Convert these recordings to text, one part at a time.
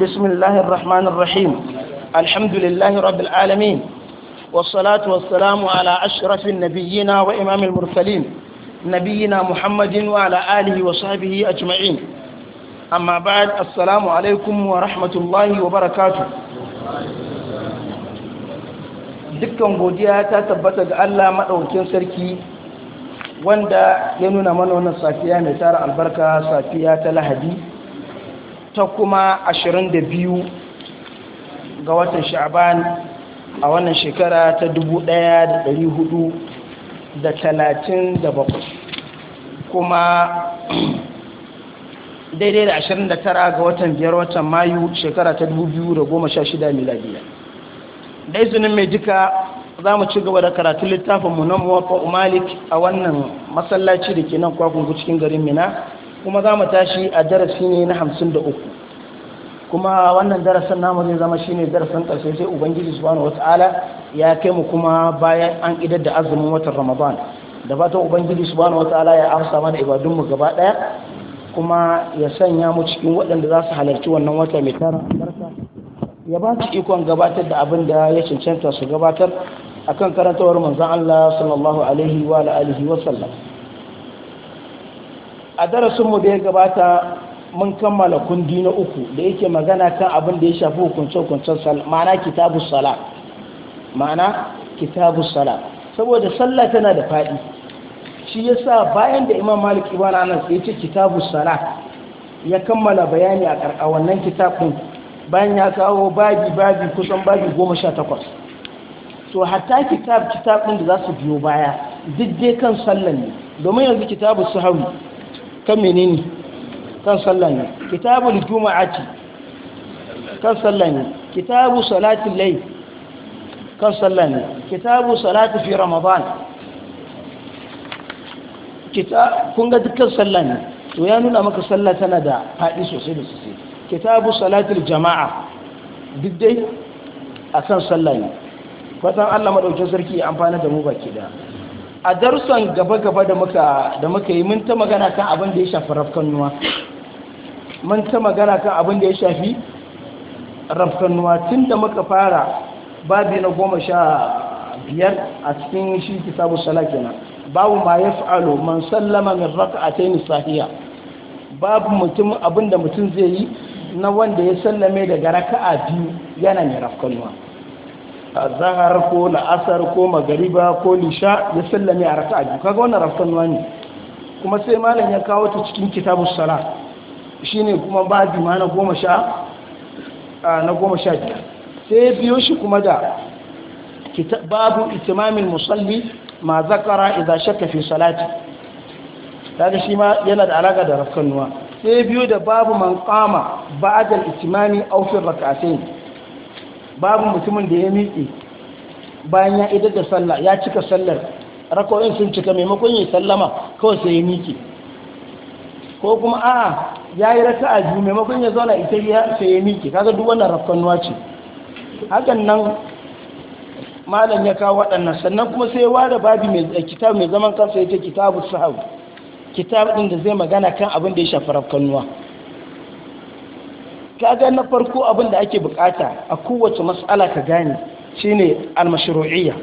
بسم الله الرحمن الرحيم الحمد لله رب العالمين والصلاة والسلام على أشرف النبيين وإمام المرسلين نبينا محمد وعلى آله وصحبه أجمعين أما بعد السلام عليكم ورحمة الله وبركاته dukkan godiya ta tabbata ga Allah maɗaukin sarki wanda ya nuna mana wannan safiya mai tara albarka safiya ta lahadi ta kuma 22 ga watan sha'aban a wannan shekara ta 1437 kuma daidai da 29 ga watan biyar watan mayu shekara ta 2016 miladiya da izinin mai duka za mu ci gaba da karatun littafinmu na muwafa malik a wannan masallaci da ke nan kwakungu cikin garin mina kuma za mu tashi a darasi ne na hamsin da uku kuma wannan darasin namu zai zama shi ne darasin ƙarshe sai ubangiji subhanahu ta'ala ya kai mu kuma bayan an idar da azumin watan ramadan da fatan ubangiji subhanahu ta'ala ya amsa mana ibadunmu gaba ɗaya kuma ya sanya mu cikin waɗanda za su halarci wannan wata mai tara ya ba su ikon gabatar da abin da ya cancanta su gabatar akan karantawar manzon Allah sallallahu alaihi wa alihi wa sallam a darasinmu da ya gabata mun kammala kundi na uku da yake magana kan abin da ya shafi hukunce-hukuncen sallah ma'ana kitabu sala ma'ana kitabu sala saboda sallah tana da faɗi shi ya sa bayan da imam malik ibn anan ya ce kitabu sala ya kammala bayani a karka wannan kitabun bayan ya kawo babi babi kusan babi goma sha takwas to hatta kitab kitabun da za su biyo baya duk dai kan sallan ne domin yanzu kitabu su sahawi kan menene kan sallah ne kitabul juma'ati kan sallah ne kitabu salatul layl kan sallah ne kitabu salatu fi ramadan kita kun ga dukkan sallah ne to ya nuna maka sallah tana da faɗi sosai da sosai kitabu salatul jama'a duk dai akan sallah ne fatan Allah madaukakin sarki ya amfana da mu baki da. a darussan gaba-gaba da muka yi mun ta magana kan abin da ya shafi rafkannuwa mun ta magana kan abin da ya shafi rafkannuwa tun da muka fara babi na goma sha biyar a cikin shi kitabu sala kenan babu ma ya fa'alo man sallama min raka yi sahiya babu mutum abin da mutum zai yi na wanda ya sallame daga raka'a biyu yana mai rafkannuwa zahar ko la'asar ko magariba ko lisha ya sallame a raka biyu kaga wannan rafton wani kuma sai malam ya kawo ta cikin kitabun sala Shi ne kuma ba ma na goma sha na goma sha biyar sai biyo shi kuma da babu itimamin musalli ma zakara idan shakka fi salati kaga shi ma yana da alaka da rafsanuwa sai biyo da babu man ba ba'da al-itimami aufin rakasai babu mutumin da ya miƙe bayan ya idar da sallah ya cika sallar rakoyin sun cika maimakon ya sallama kawai sai ya miƙi ko kuma a'a ya yi raka a biyu maimakon ya zauna ita ya sai ya miƙi kaga duk wannan rafkanuwa ce hakan nan malam ya kawo waɗannan sannan kuma sai ware babi mai kitab mai zaman kansa ya ce kitabu sahau kitab ɗin da zai magana kan abin da ya shafi rafkanuwa kaga na farko abin da ake bukata a kowace matsala ka gane shine almashru'iyya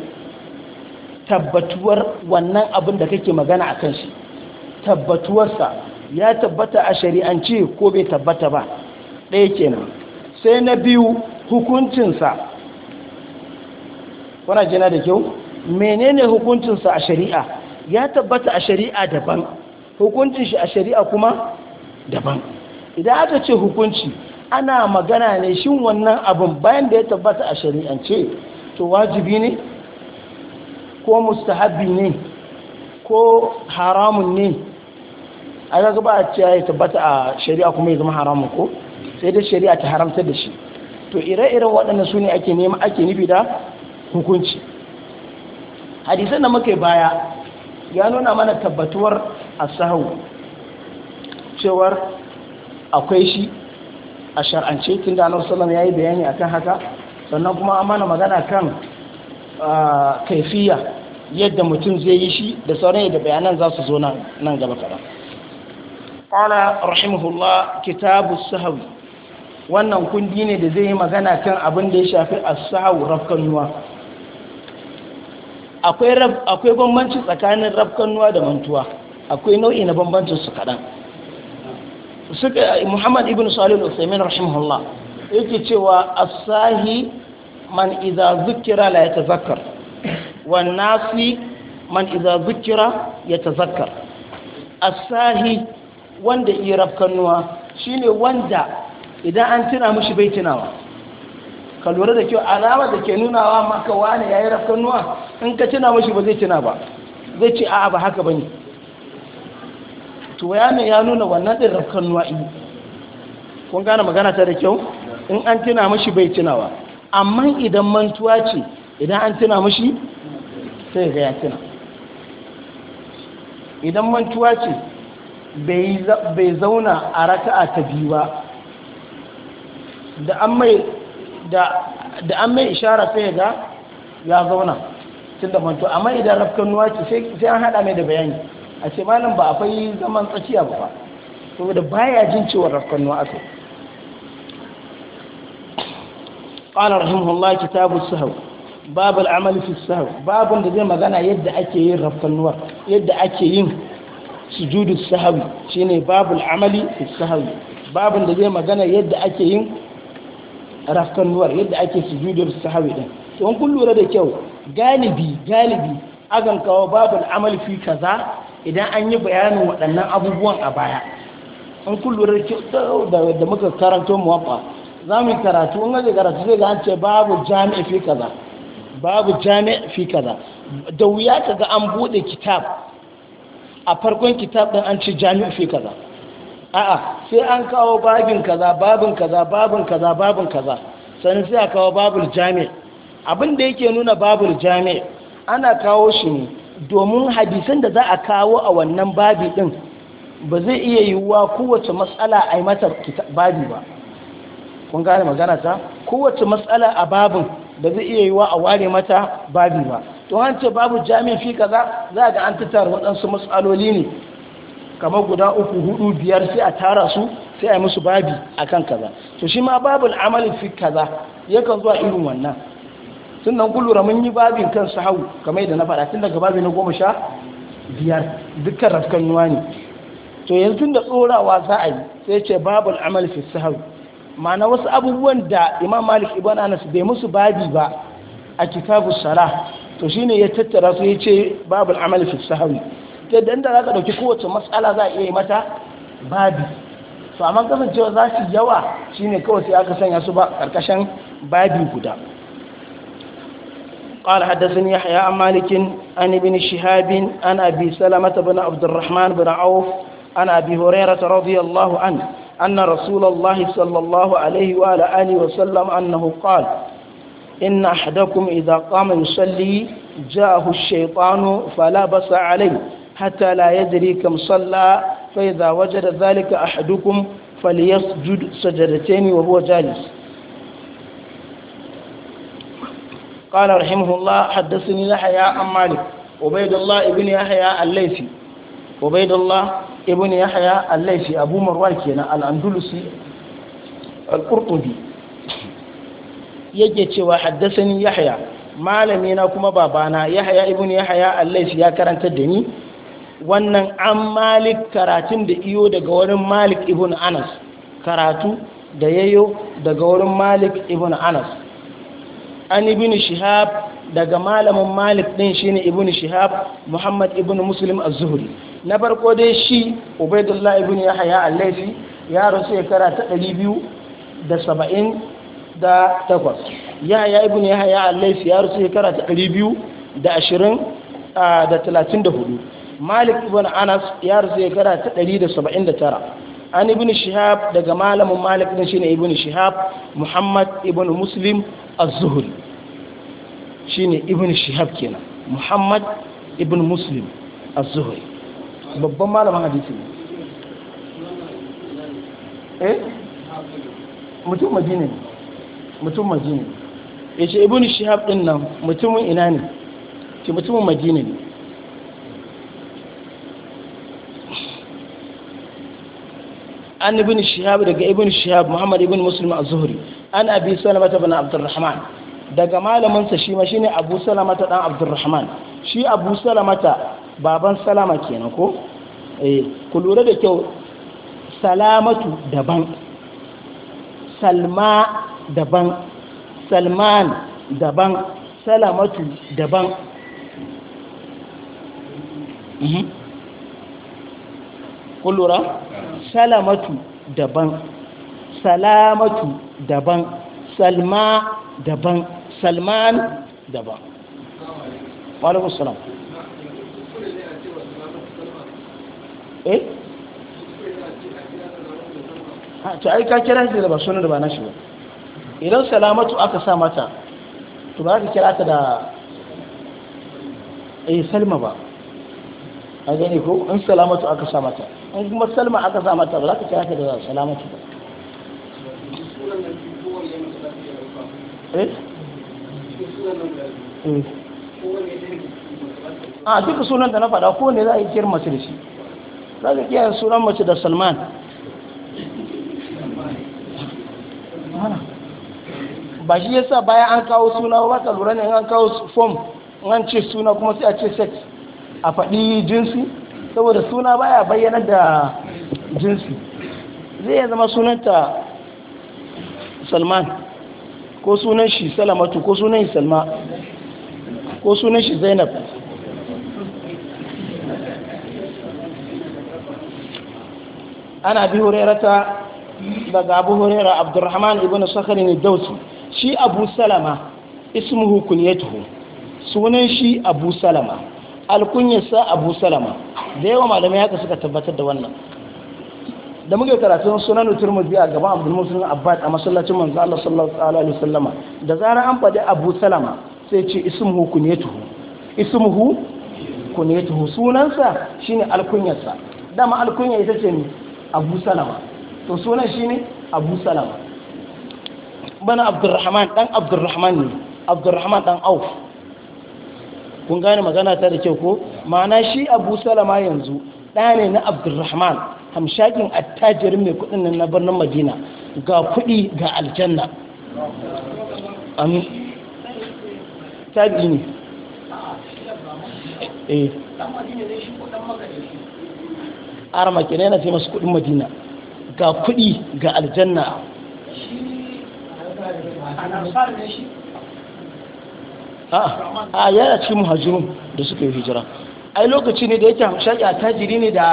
tabbatuwar wannan abin da kake magana a kan shi tabbatuwarsa ya tabbata a shari'ance ko bai tabbata ba ɗaya kenan sai na biyu hukuncinsa wana jina da kyau menene hukuncinsa a shari'a ya tabbata a shari'a daban hukuncin a shari'a kuma daban idan aka ce hukunci ana magana ne shin wannan abin bayan da ya tabbata a shari'ance to wajibi ne ko mustahabi ne ko haramun ne a zaga ba a ce ya tabbata a shari'a kuma ya zama haramun ko sai dai shari'a ta haramta da shi to ire-iren waɗanda su ne ake nema ake nufi da hukunci hadisan da muka baya ya nuna mana tabbatuwar a sahau cewar akwai shi a shar'ance tun da annabi sallallahu ya yi bayani akan haka sannan kuma an mana magana kan kaifiya yadda mutum zai yi shi da sauran yadda bayanan za su zo nan gaba kaɗan qala rahimahullah kitabu sahwi wannan kundi ne da zai yi magana kan abin da ya shafi as-sahwu rafkanuwa akwai akwai bambanci tsakanin nuwa da mantuwa akwai nau'i na bambancin su kaɗan suka muhammad ibn salil usaimin rahimahullah yake cewa asahi man idza zukira la yatazakkar wan nasi man idza zukira tazakar? asahi wanda yi rafkanuwa shine wanda idan an tuna mishi bai tunawa ka lura da kyau alama da ke nunawa maka wani yayi rafkanuwa in ka tuna mishi ba zai tuna ba zai ce a'a ba haka bane to ne ya nuna wannan ɗin rafkan nuwa'i kun gane magana ta da kyau in an tuna mashi bai tunawa amma idan mantuwa ce idan an tuna mashi sai ga ya tuna idan mantuwa ce bai zauna a raka'a ta biyu ba da an mai ishara sai ga ya zauna tun da mantuwa amma idan rafkan nuwa ce sai an haɗa mai da bayani a ce malam ba akwai zaman tsakiya ba saboda baya jin cewa rafkannu aka قال رحمه الله كتاب السهو باب العمل في السهو باب da zai magana yadda ake yin rafkanuwa yadda ake yin sujudu sahwi shine babul amali fi sahwi babun da zai magana yadda ake yin rafkanuwar yadda ake sujudar sahawi din to kun lura da kyau galibi galibi akan kawo babul amali fi kaza idan an yi bayanin waɗannan abubuwan a baya an kun da muka karanto muwaffa za mu yi karatu in gaji karatu zai ga ce babu jami'a fi kaza babu jami'a fi kaza da wuya ka ga an buɗe kitab a farkon kitab ɗin an ci jami'a fi kaza a'a sai an kawo babin kaza babin kaza babin kaza babin kaza sannan sai a kawo babul jami'a. abin da yake nuna babul jami'a ana kawo shi ne domin hadisan da za a kawo a wannan babi din ba zai iya yiwuwa kowace matsala a yi mata babi ba kun gane magana ta kowace matsala a babin ba zai iya yiwuwa a ware mata babi ba to an ce babu jami'in fi kaza za ga an tattara waɗansu matsaloli ne kamar guda uku hudu biyar sai a tara su sai a yi musu babi akan kaza to shi ma babul amali fi kaza yakan zuwa irin wannan sannan nan lura mun yi babin kan sahawu kamar yadda na fara tun daga babi na goma sha biyar dukkan rafkan nuwa ne to yanzu da tsorawa za a yi sai ce babin amal fi sahawu ma'ana wasu abubuwan da imam malik ibn anas bai musu babi ba a kitabu sara to shine ya tattara su ya ce babin amal fi sahawu ta yadda inda za ka ɗauki kowace matsala za a iya yi mata babi to amma kasancewa za su yawa shine kawai sai aka sanya su ba ƙarƙashin babi guda قال حدثني يحيى عن مالك عن ابن شهاب عن أبي سلمة بن عبد الرحمن بن عوف عن أبي هريرة رضي الله عنه أن رسول الله صلى الله عليه وعلى آله وسلم أنه قال إن أحدكم إذا قام يصلي جاءه الشيطان فلبس عليه حتى لا يدري كم صلى فإذا وجد ذلك أحدكم فليسجد سجدتين وهو جالس قال رحمه الله حدثني يحيى عن مالك عبيد الله ابن يحيى الليثي عبيد الله ابن يحيى الليثي ابو مروان كينا الاندلسي القرطبي yake cewa haddasani yahya malami na kuma babana yahya ibn yahya allaisi ya karanta da ni wannan an malik karatun da iyo daga wurin malik ibn anas karatu da yayo daga wurin malik ibn anas an ibn shihab daga malamin malik din shine ibn shihab muhammad ibn muslim az-zuhri na farko dai shi ubaydullah ibn yahya al-laythi ya rasu shekara ta takwas. yahya ibn yahya al-laythi ya rasu shekara ta 220 da 34 malik ibn anas ya rasu shekara ta 179 an ibn shihab daga malamin malik din shine ibn shihab muhammad ibn muslim az-zuhri shine ibn shihab kenan muhammad ibn muslim az-zuhri babban malamin hadisi ne eh mutum madina ne mutum madina ya ce ibn shihab din nan mutumin ina ne ce mutumin madina ne an ibn shihab daga ibn shihab muhammad ibn muslim az-zuhri an abi salama ibn abdurrahman daga malaminsa shi ma shine abu salamata dan abdurrahman shi abu salamata baban salama kenan ko eh ku lura da kyau salamatu daban salma daban salman daban salamatu daban mhm. ku lura salamatu daban salamatu daban salma daban salman daban walaikun salam eh to ai ka kira shi da ba sunan da ba nashi ba idan salamatu aka sa mata to ba ka kira ta da eh salma ba a gani ko in salamatu aka sa mata in kuma salma aka sa mata ba za ka kira ta da salamatu ba eh Eh. a ah, duka sunan da na fada ko ne za a yi kiyar mace da shi za ka kiyar sunan mace da salman ba shi yasa bayan an kawo suna ba ta lura ne an kawo fom an ce suna kuma sai a ce sex a faɗi jinsi saboda suna baya bayyana da jinsi zai ya zama sunanta salman ko sunan shi salamatu ko sunan shi salma ko sunan shi zainab ana bi hurairata daga abu Abdulrahman abdurrahman ibn sakharin dausi shi abu salama ismuhu kunyatuhu sunan shi abu salama alkunyarsa abu salama da yawa malamai haka suka tabbatar da wannan da muke karatun sunan turmuzi a gaban abdul muslim abbas a masallacin manzo Allah sallallahu alaihi wasallama da zarar an faɗi abu salama sai ce ismuhu kunyatuhu ismuhu kunyatuhu sunansa shine alkunyarsa dama alkunya ita ce ne abu salama to sunan shine abu salama bana abdurrahman dan abdurrahman ne abdurrahman dan auf kun gane magana ta da kyau ko ma'ana shi abu salama yanzu ɗane ne na abdurrahman hamshakin attajirin mai kudin nan na birnin madina ga kudi ga aljanna amin eh arma yana kudin madina ga kudi ga aljanna a ah, ah, yana cikin muhajirun da suka yi hijira ai lokaci ne da yake hamshaki a tajiri ne da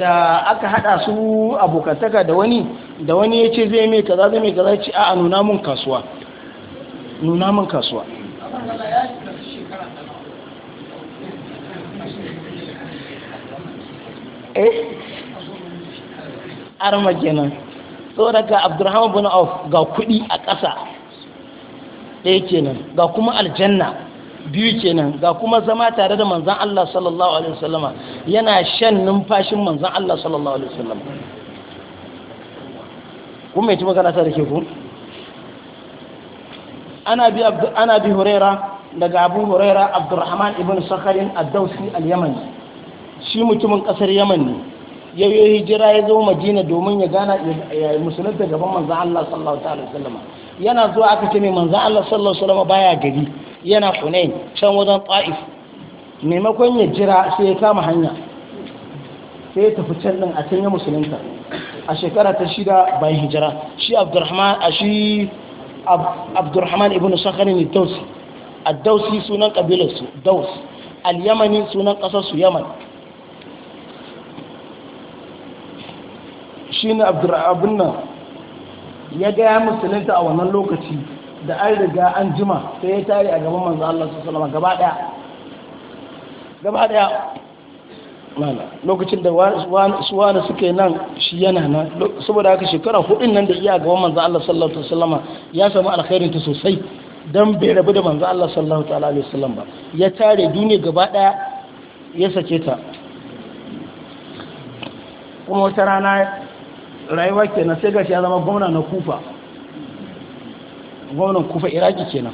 da aka hada su abokantaka da wani da wani ya ce zai mai kaza zai mai kaza ce a nuna mun kasuwa nuna mun kasuwa eh arma kenan daga ga abdurrahman bin auf ga kudi a ƙasa ɗaya kenan ga kuma aljanna biyu kenan ga kuma zama tare da manzan Allah sallallahu alaihi wasallama yana shan numfashin manzan Allah sallallahu alaihi wasallama kun mai ci magana ta da ke ku ana bi huraira daga abu huraira abdurrahman ibn sakharin Addausi dawsi al yaman shi mutumin kasar yaman ne yau yi hijira ya zo madina domin ya gana ya musulunta gaban manzan Allah sallallahu alaihi wasallama yana zuwa aka ce mai manzan Allah sallallahu alaihi wasallama baya gari yana kunai can wajen ƙa'if maimakon ya jira sai ya kama hanya sai ya tafi can ɗin a can ya musulunta a shekara ta shida bayan hijira shi abdurrahman a ibn sakharin dausi a dausi sunan ƙabilarsu daus al-yamani sunan ƙasarsu yaman shi ne abdurrahman ya gaya musulunta a wannan lokaci da an riga an jima sai ya tare a gaban manzo Allah sallallahu alaihi gaba daya gaba daya lokacin da suwana suke nan shi yana nan saboda haka shekara hudun nan da iya gaban manzo Allah sallallahu alaihi wasallam ya samu alkhairin ta sosai dan bai rabu da manzo Allah sallallahu ta'ala alaihi wasallam ba ya tare duniya gaba daya ya sace ta kuma wata rana rayuwa kenan sai gashi ya zama gwamna na Kufa gwamnan kufa iraki kenan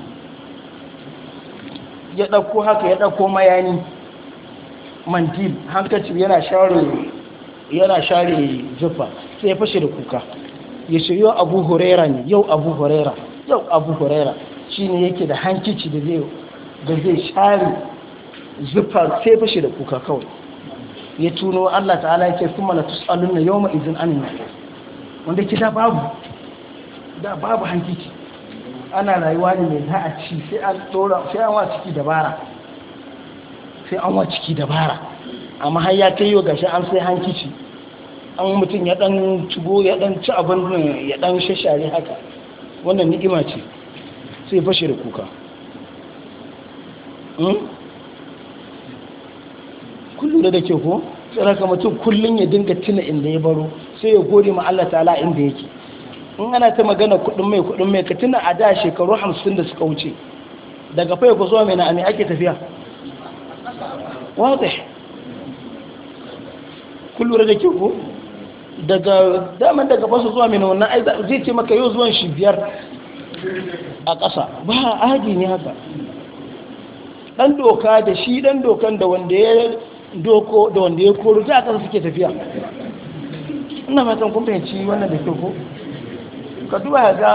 ya ɗauko haka ya ɗauko mayani mantil hankali yana share yana share zufa sai ya fashe da kuka ya ce yau abu horera ne yau abu horera yau abu horera shi ne yake da hankici da zai da zai share zufa sai ya fashe da kuka kawai ya tuno Allah ta'ala yake kuma la tus'aluna yawma idzin anin wanda ke babu da babu hankici ana rayuwa ne mai za a ci sai an tsora sai an wa ciki dabara sai an wa ciki dabara amma har ya kai yau gashi an sai hankici an mutum ya dan cigo ya dan ci abin ya dan shashare haka wannan ni'ima ce sai fashe da kuka hmm? kullum da ke ko sai ka mutum kullum ya dinga tuna inda ya baro sai ya gode ma Allah ta'ala inda yake in ana ta magana kudin mai kudin mai ka tuna a da shekaru hamsin da suka wuce daga fai ku zuwa mai na ake tafiya wadda kun lura da kyau ko? daga daman daga fasu zuwa mai na wannan zai ce maka yau zuwan shi biyar a ƙasa ba a adi ne haka ɗan doka da shi ɗan dokan da wanda ya doko da wanda ya koro da a ƙasa suke tafiya ina matan kun fahimci wannan da kyau ko ka duba ga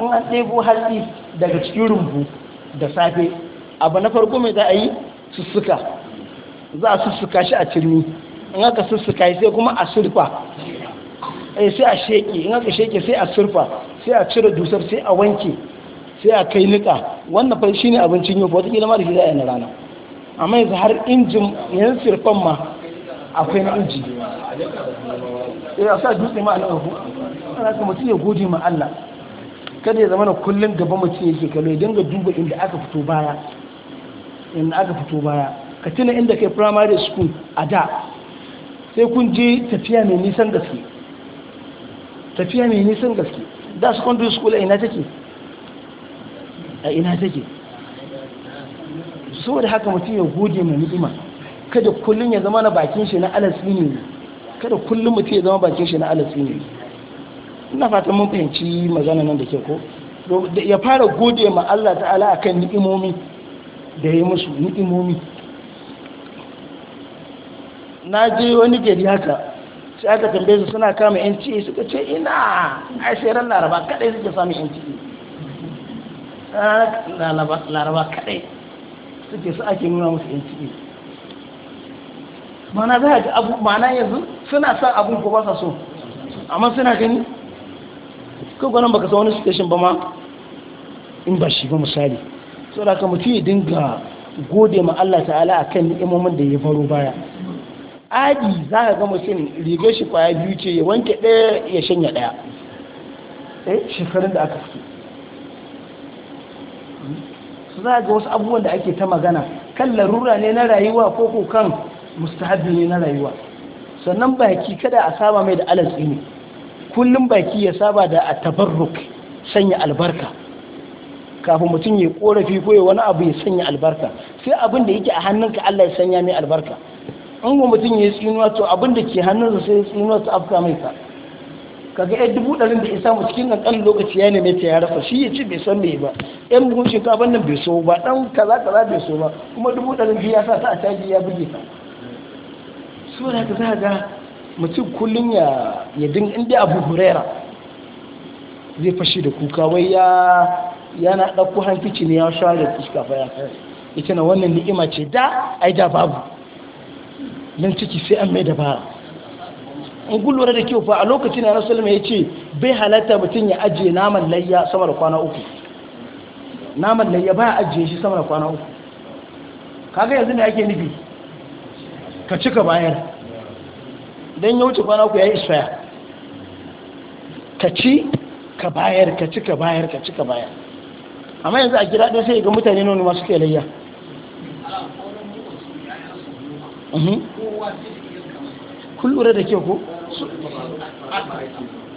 in an ɗebo hatsi daga cikin rumbu da safe abu na farko mai za a yi sussuka za a sussuka shi a cirni in aka sussuka sai kuma a surfa eh, sai a sheke in aka sheke sai a surfa sai a cire dusar sai a wanke sai a kai nika wannan shi ne abincin yau wata kila ma da shi za a yi na rana amma yanzu har injin yanzu surfan ma akwai na inji ya eh, sa dutse ma ku ana ka mutum ya gode ma Allah kada ya zama na kullum gaba mutum yake kallo ya dinga duba inda aka fito baya inda aka fito baya ka tuna inda kai primary school a da sai kun je tafiya mai nisan gaske tafiya mai nisan gaske da secondary school a ina take a ina take saboda haka mutum ya goge ma ni'ima kada kullum ya zama na bakin shi na alatsi ne kada kullum mutum ya zama bakin shi na alatsi ne ina fatan mun fahimci magana nan da ke ko ya fara gode ma Allah ta'ala akan ni'imomi da ya musu ni'imomi na je wani gari haka sai aka tambaye su suna kama NTA suka ce ina a shirar laraba kadai suke samun NTA laraba kadai suke su ake nuna musu yanci mana za a ji abu mana yanzu suna son abin ko ba sa so amma suna gani ko gwanan baka san wani station ba ma in ba shi ba misali so da ka mutu ya dinga gode ma Allah ta'ala akan imomin da ya faro baya adi za ka ga mutum rigar shi kwaya biyu ce ya wanke ɗaya ya shanya ɗaya eh shekarun da aka fi hmm? su za ga wasu abubuwan da ake ta magana kan larura ne na rayuwa ko ko kan Mustahabi ne na rayuwa sannan baki kada a saba mai da alatsi ne kullum baki ya saba da a tabarruk sanya albarka kafin mutum ya korafi ko ya wani abu ya sanya albarka sai abin da yake a hannunka Allah ya sanya mai albarka An ga mutum ya yi tsinuwa to abin da ke hannunsa sai ya tsinuwa ta afka mai ka kaga yan dubu ɗarin da ya samu cikin nan lokaci ya neme ta ya rasa shi ya ce bai san me ba yan buhun shinkafa nan bai so ba ɗan kaza kaza bai so ba kuma dubu ɗarin biyu ya sa ta a caji ya buge ta so da za ga mutum kullum ya yadin inda abu huraira zai fashi da kuka wai ya yana ɗauko hankici ne ya share fuska fa ya ita na wannan ni'ima ce da ai da babu nan ciki sai an mai dabara in kun da kyau fa a lokacin da rasul ya ce bai halatta mutum ya ajiye naman layya sama da kwana uku naman layya ba ajiye shi sama da kwana uku kaga yanzu ne ake nufi ka ci ka bayar don ya wuce kwana ku ya yi isfaya ka ci ka bayar ka ci ka bayar ka ci ka bayar amma yanzu a gida ɗaya sai ga mutane nuna masu ke layya mhm. kun lura da ke ku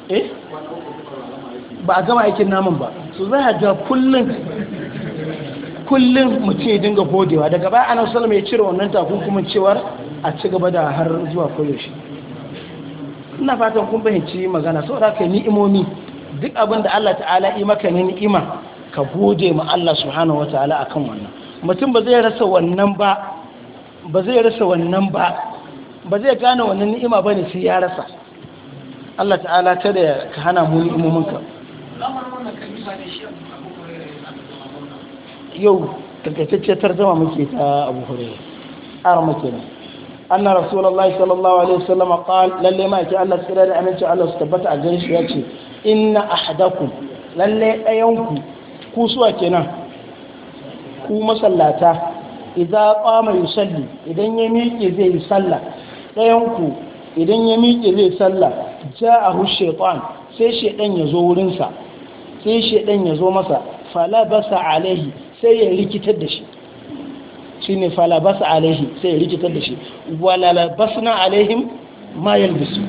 eh ba a gama aikin naman ba su za a ga kullum kullum mutum ya dinga godewa daga baya ana salama ya cire wannan takunkumin cewar a ci gaba da har zuwa koyaushe ina fatan kun fahimci magana da ka ni'imomi duk abin da Allah ta'ala yi maka ne ni'ima ka gode ma Allah subhanahu Ta'ala akan wannan mutum ba zai rasa wannan ba ba zai rasa wannan ba ba zai gane wannan ni'ima ba ne sai ya rasa Allah ta'ala ta da ka hana mu ni'imomin ka. yau takaitacciyar tarzama muke ta abu hurairu ara muke nan anna rasulullahi sallallahu alaihi wasallam qal lalle ma yake Allah tsira da aminci Allah su tabbata a gare shi yace inna ahadakum lalle ɗayanku ku suwa kenan ku masallata idza qama yusalli idan ya miƙe zai yi sallah ɗayanku idan ya miƙe zai sallah ja'ahu shaytan sai shaytan ya wurin sa sai shaytan ya zo masa fala basa alaihi sai ya rikitar da shi shine fala basa alaihi sai ya rikitar da shi walalabasuna alaihim ma yalbisu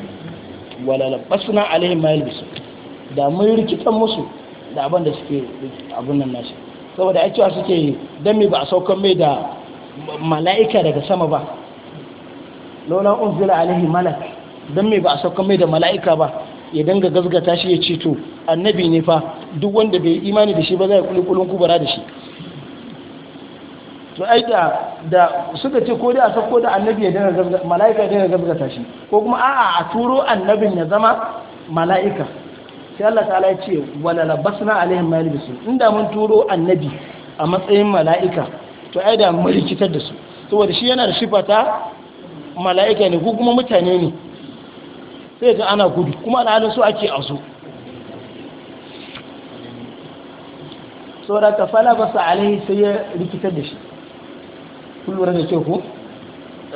walalabasuna alaihim ma yalbisu da mun rikitan musu da abin da suke abun nan nashi saboda ai cewa suke dan me ba a saukan mai da mala'ika daga sama ba lola unzila alaihi malak dan me ba a saukan mai da mala'ika ba ya danga gazgata shi ya ce to annabi ne fa duk wanda bai imani da shi ba zai kulikulun kubara da shi to ai da da suka ce ko dai a sako da annabi ya dana zabga mala'ika ya zabga shi ko kuma a'a a turo annabin ya zama mala'ika sai Allah ta'ala ya ce wala labasna alaihim ma yalbisu inda mun turo annabi a matsayin mala'ika to ai da mun rikitar da su saboda shi yana da sifata mala'ika ne ko kuma mutane ne sai ga ana gudu kuma alhalin su ake a so saboda ka fala basa alaihi sai ya rikitar da shi كل ورقه تشوفوا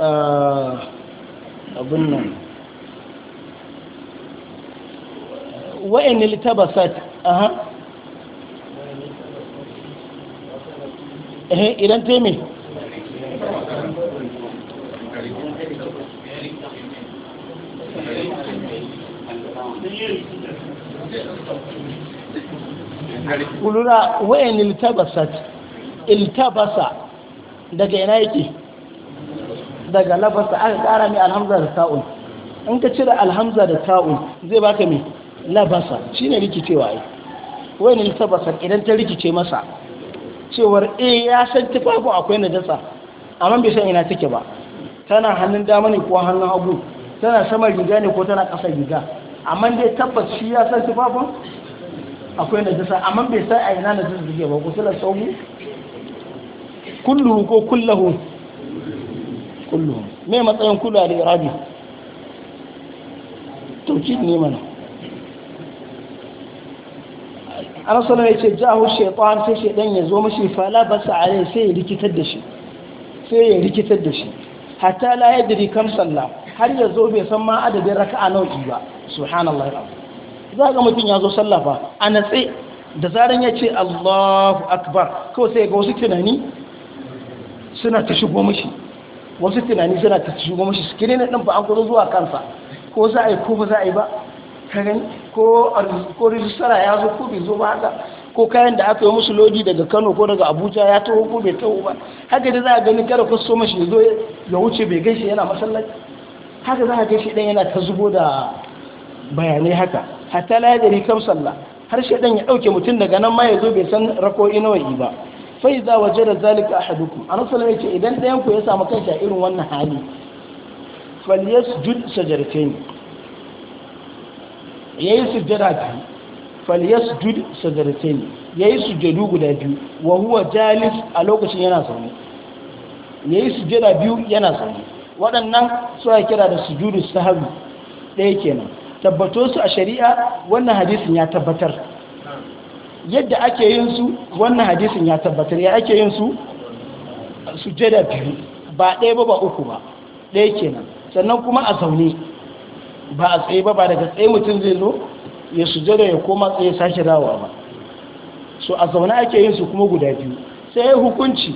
آه، اظن وين اللي اها ايه الى انت قولوا لا وين التبست التبست daga ina yake daga lafasa aka kara mai alhamza da ta'un in ka cire alhamza da ta'un zai baka mai labasa shine rikicewa yi wani litabasa idan ta rikice masa cewar e ya san tufafin akwai najasa amma bai san ina take ba tana hannun dama ne ko hannun hagu tana sama riga ne ko tana ƙasa riga amma dai tabbas shi ya san tufafin akwai na najasa amma bai san a ina najasa zuge ba kusurar tsohu? kulluhu ko kullahu kulluhu me matsayin kullu da irabi tawkid ne mana arsala sanar ya ce jahu shaytan sai shaitan ya zo mashi fala ba sa alai sai ya rikitar da shi sai ya rikitar da shi hatta la yadri kam sallah har ya zo bai san ma adadin raka'a nawa ba subhanallahi alazim za ga mutum ya zo sallah ba a natse da zaran ya ce Allahu akbar kawai sai ga wasu tunani suna ta shigo mashi wasu tunani suna ta shigo mashi na ɗan ba an gudu zuwa kansa ko za a yi ko ba za a yi ba ka gani ko ko rijistara ya zo ko bai zo ba haka ko kayan da aka yi musu lodi daga Kano ko daga Abuja ya taho ko bai taho ba haka da za a gani kada kusa so mashi zo ya wuce bai gaishe yana masallaci haka za a gaishe ɗan yana ta zubo da bayanai haka hatta la yadri kam sallah har ɗan ya dauke mutum daga nan ma ya zo bai san rako yi ba faiza waje da zalika a haduku a nasu ya ce idan ɗayan ku ya samu kansa irin wannan hali faliyas jud sajarta ne ya yi sujjada biyu faliyas jud sajarta ne ya yi sujjadu guda biyu wa huwa jalis a lokacin yana zaune ya yi sujjada biyu yana zaune waɗannan su a kira da sujudu sahabi ɗaya kenan tabbato su a shari'a wannan hadisin ya tabbatar yadda ake yin su wannan hadisin ya tabbatar ya ake yin su sujjada biyu ba ɗaya ba ba uku ba ɗaya kenan sannan kuma a zaune ba a tsaye ba ba daga tsaye mutum zai zo ya sujjada ya koma tsaye sashi rawa ba so a zaune ake yin su kuma guda biyu sai hukunci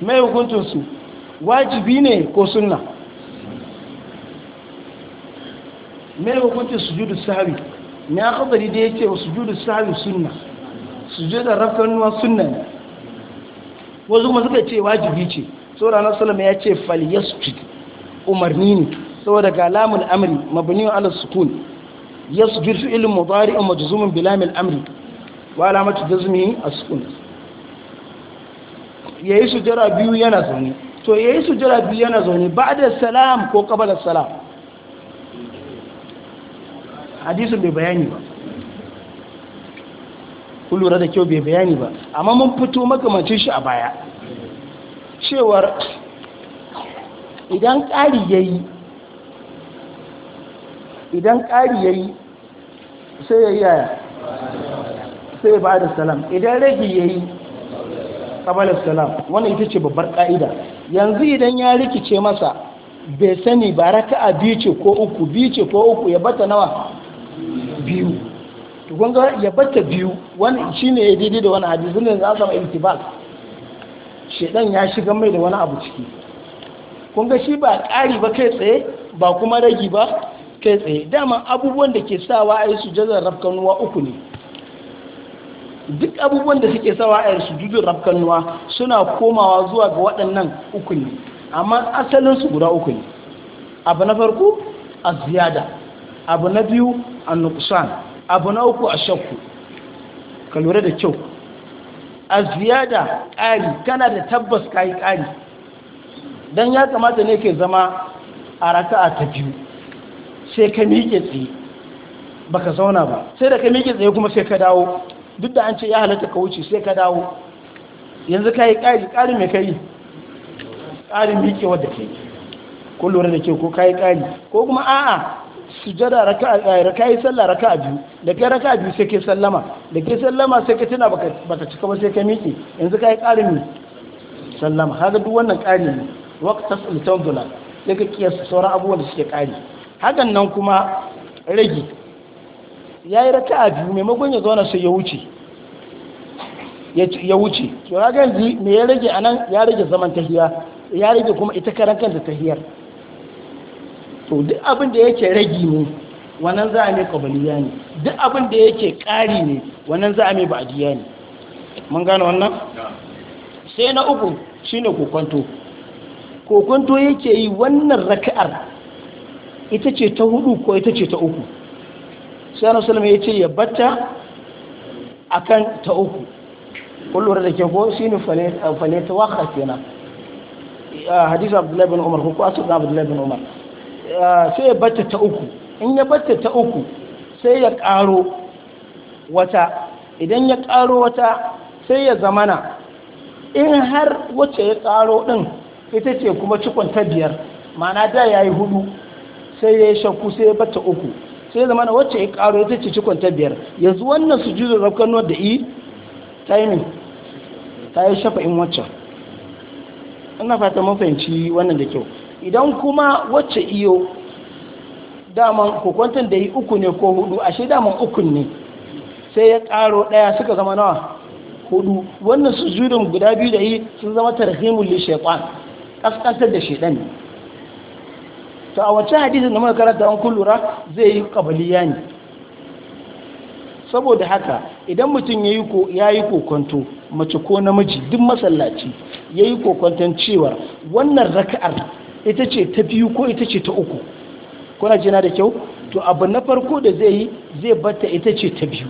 mai hukuncin su wajibi ne ko sunna mai hukuncin judu sahwi ne a kadari da yake judu sahwi sunna sujudar rafkanuwa sunna sunan wasu kuma suka ce wajibi ce saboda annabi sallallahu ya ce falyasjud umarni ne saboda ga alamun amri mabniun ala sukun yasjud fi'l mudari'un majzumun bi bilamin amri wa da jazmihi as-sukun yayi sujjara biyu yana zaune to ya yayi sujjara biyu yana zaune ba da salam ko qabla salam hadisin bai bayani ba ku da kyau bai bayani ba amma mun fito makamancin shi a baya cewar idan ƙari ya yi idan ƙari ya yi sai ya yi yaya sai ba da salam idan rage ya yi ƙabalar salam wani ita ce babbar ƙa'ida yanzu idan ya rikice masa bai sani ba raka'a biyu ce ko uku biyu ce ko uku ya bata nawa biyu tukun ga ya bata biyu wani shi ne ya daidai da wani hadisi ne za a samu iltibas shaidan ya shiga mai da wani abu ciki kun ga shi ba ƙari ba kai tsaye ba kuma ragi ba kai tsaye dama abubuwan da ke sawa a yi sujadar rafkanuwa uku ne duk abubuwan da suke sawa a yi sujudin rafkanuwa suna komawa zuwa ga waɗannan uku ne amma asalinsu guda uku ne abu na farko a ziyada abu na biyu a nukusan abu na uku a shakku ka lura da kyau a ziyada ƙari kana da tabbas ka yi ƙari don ya kamata ne ke zama a raka'a ta biyu sai ka miƙe tsaye ba ka zauna ba sai da ka miƙe tsaye kuma sai ka dawo duk da an ce ya halatta ka wuce sai ka dawo yanzu ka yi ƙari ƙari mai ka yi ƙarin miƙe da ka yi ko lura da ke ko ka yi ƙari ko kuma a'a sujada raka eh, yi sallah raka biyu da kai raka biyu sai ke sallama da ke sallama sai ka tuna baka cika ba sai ka miƙe yanzu ka yi ƙarin ne sallama haka duk wannan ƙari ne waqtas al-tanzula sai ka kiyasta sauran abubuwan da suke ƙari hakan nan kuma rage ya yi raka biyu maimakon ya zauna sai ya wuce ya wuce to yanzu me ya rage anan ya rage zaman tahiya ya rage kuma ita karan kanta tahiyar so duk abin da yake ragi ne wannan za a mai kwabaliya ne duk abin da yake ƙari ne wannan za a mai ba'adiyya ne mun gane wannan sai na uku shine kokonto kokonto yake yi wannan raka'ar ita ce ta hudu ko ita ce ta uku sai na salama ya ce ya batta akan ta uku kullum da ke ko shine falaita wakha kenan ah, hadisi abdullahi bin umar ko na abdullahi bin umar Eh, sai ya bata ta uku in ya bata ta uku sai ya ƙaro wata idan ya ƙaro wata sai ya zamana in har wacce ya ƙaro ɗin ita ce kuma cikon ta biyar mana da ya yi hudu sai ya yi shakku sai ya bata uku sai ya zamana wacce ya ƙaro ita ce cikon ta biyar yanzu wannan su jizo rafkanuwar da i ta yi shafa in wacce. waccan ina fata mafayanci wannan da kyau idan kuma wacce iyo daman hukuntar da yi uku ne ko hudu ashe daman uku ne sai ya karo daya suka zama nawa hudu wannan sujudin guda biyu da yi sun zama tarhimul li shaytan kaskantar da shaytan ne to a wacce hadisin da muka karanta an kullura zai yi kabaliya ne saboda haka idan mutum yayi ko yayi kokonto mace ko namiji duk masallaci yayi kokonton cewar wannan raka'ar ita ce ta biyu ko ita ce ta uku kuna jina da kyau to abu na farko da zai yi zai bata ita ce ta biyu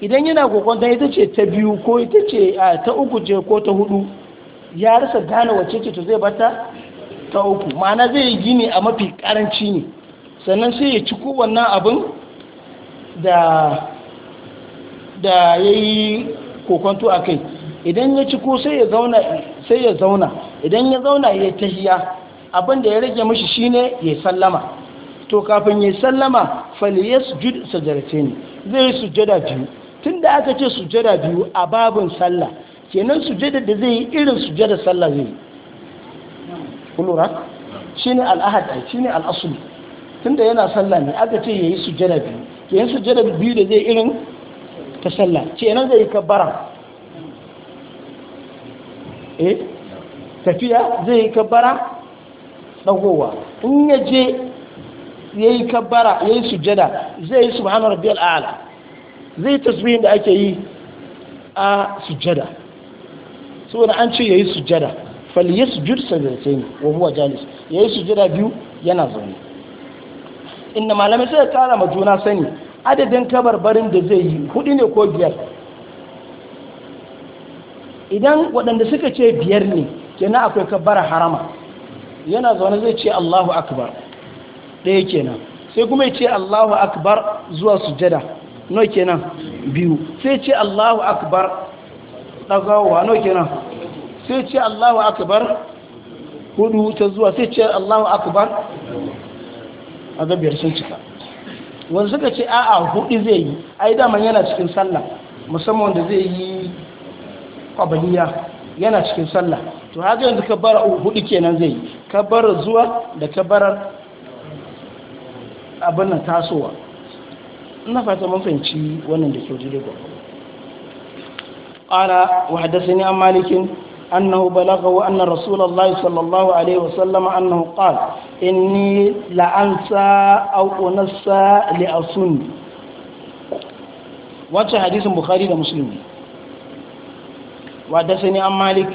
idan yana kokonta ita ce ta biyu ko ita ce ta uku ce ko ta hudu ya rasa gane wacce ce to zai bata ta uku ma'ana zai yi gini a mafi karanci ne sannan sai ya ciko wannan abin da da ya yi kokonto a kai idan ya ciko sai ya zauna sai ya zauna idan ya zauna ya tahiya abin da ya rage mishi shine ya sallama to kafin ya sallama falyasjud ne zai yi sujjada biyu tunda aka ce sujjada biyu a babin sallah kenan sujjada da zai yi irin sujjada sallah zai kulura shine al-ahad shine al-asl tunda yana sallah ne aka ce yayi sujjada biyu kenan sujjada biyu da zai irin ta sallah kenan zai yi kabbara eh tafiya zai yi kabbara dagowa in ya je ya yi kabbara ya yi sujada, zai yi subhanar biyar a'ala zai tasbihin da ake yi a sujada. So saboda an ce ya yi sujada, fal ya sujjud sajadatain wa huwa jalis ya yi sujada biyu yana zaune inda malamai sai ya kara ma juna sani adadin kabarbarin da zai yi hudu ne ko biyar idan waɗanda suka ce biyar ne kenan akwai kabbara harama yana zaune zai ce Allahu akbar ɗaya kenan sai kuma ya ce Allahu akbar zuwa sujada no kenan biyu sai ce Allahu akbar ɗagawa no kenan sai ce Allahu akbar hudu ta zuwa sai ce Allahu akbar a gabiyar sun cika wanda suka ce a'a hudu zai yi ai daman yana cikin sallah musamman da zai yi qabliya yana cikin sallah to haka yanzu kabbara hudu kenan zai ka kabbara zuwa da kabbarar abin nan tasowa ina fata mun fahimci wannan da kyau jirgin qala wa hadathani an malikin annahu balagha wa anna rasulullahi sallallahu alaihi wa sallam annahu qala inni la'ansa aw unassa li asun wa ta hadithin da musulmi? wata sani an malik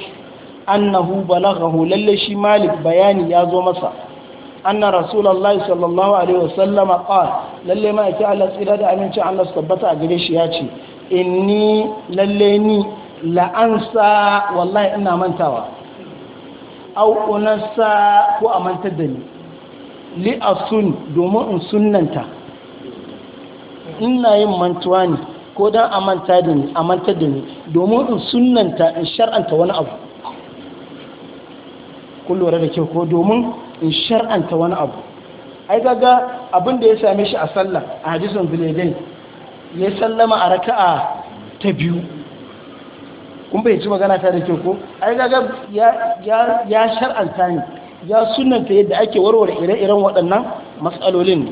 annahu balagahu lalle shi malik bayani ya zo masa anna rasulallah sallallahu alaihi wasallam qa lalle ma yake Allah tsira da aminci Allah tabbata a gare shi ya ce inni lalle ni la ansa wallahi ina mantawa au ko a mantar da ni li asun domin in sunnanta ina yin mantuwa ne ko don amanta da ni amantar da ni domin in sunanta in shar'anta wani abu kun lura da kyau ko domin in shar'anta wani abu ai gaga abin da ya same shi a sallah a hadisin zulegai ya sallama a raka'a ta biyu kun bai ci magana ta da kyau ko ai gaga ya shar'anta ne ya sunanta yadda ake warware ire-iren waɗannan matsalolin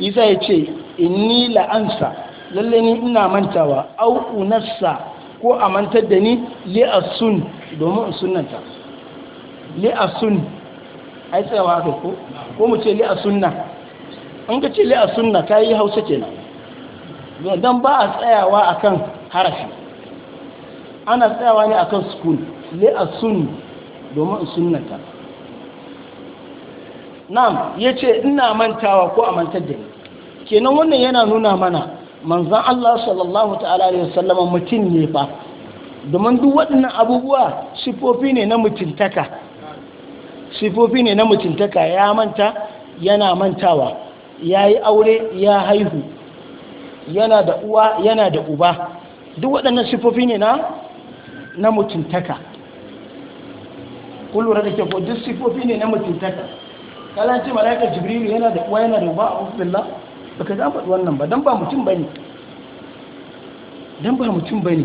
isa ya ce inni la'ansa lalle ni ina mantawa au unassa ko a mantar da ni li asun domin in sunnanta li asun ai tsayawa ga ko ko mu ce li asunna an ka ce li asunna kai Hausa kenan dan ba a tsayawa akan harafi ana tsayawa ne akan sukun li asun domin in sunnanta na'am yace ina mantawa ko a mantar da ni kenan wannan yana nuna mana manzan Allah sallallahu ta'ala alaihi sallama mutum ne fa domin duk waɗannan abubuwa sifofi ne na mutuntaka sifofi ne na mutuntaka ya manta yana mantawa ya yi aure ya haihu yana da uwa yana da uba duk waɗannan sifofi ne na na mutuntaka kullura da ke ko duk sifofi ne na mutuntaka kalanci mala'ikar jibrilu yana da uwa yana da uba a ofin baka ga faɗi wannan ba don ba mutum ne don ba mutum ne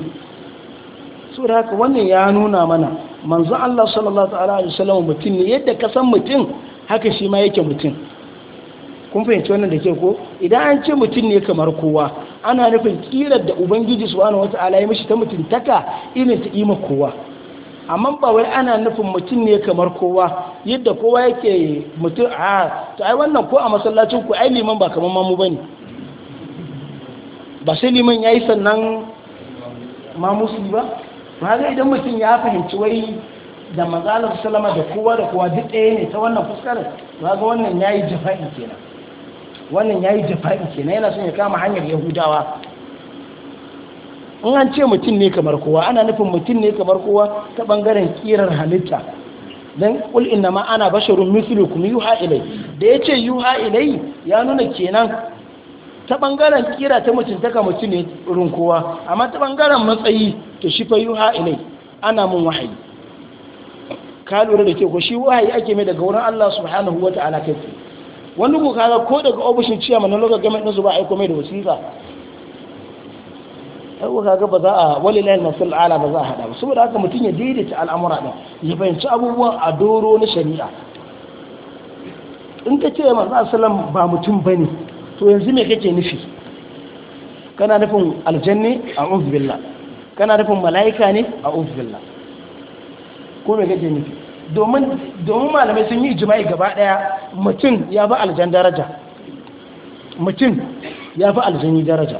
so da haka wannan ya nuna mana manzo Allah sallallahu alaihi wasallam mutum ne yadda ka san mutum haka shi ma yake mutum kun fahimci wannan da ke ko idan an ce mutum ne kamar kowa ana nufin kirar da ubangiji subhanahu wataala ya mashi ta mutuntaka irin ta ima kowa amma ba wai ana nufin mutum ne kamar kowa yadda kowa yake mutum a to ai wannan ko a masallacin ku ai liman ba kamar mamu bane ba sai liman yayi sannan mamu su ba ba ga idan mutum ya fahimci wai da mazalar salama da kowa da kowa duk ɗaya ne ta wannan fuskar ba ga wannan yayi jafa'i kenan wannan yayi jafa'i kenan yana son ya kama hanyar yahudawa an ce mutum ne kamar kowa ana nufin mutum ne kamar kowa ta bangaren kirar halitta dan kul inna ma ana basharun mislukum yuha ilai da yace yuha ilai ya nuna kenan ta bangaren kira ta mutum ta ka mutum ne irin kowa amma ta bangaren matsayi to shi fa yuha ilai ana mun wahayi ka lura da ke ko shi wahayi ake mai daga wurin Allah subhanahu wataala kai wani ku kaga ko daga ofishin ciyama na lokacin gamin ɗinsu ba a aiko mai da wasiƙa yau kaga ba za a walilahi masul ala ba za a hada ba saboda haka mutum ya daidaita al'amura din ya fahimci abubuwan a doro na shari'a in ka ce manzo sallam ba mutum bane to yanzu me kake nufi kana nufin aljanni a uzbillah kana nufin mala'ika ne a uzbillah ko me kake nufi domin domin malamai sun yi jima'i gaba ɗaya mutum ya ba aljan daraja mutum ya fi aljani daraja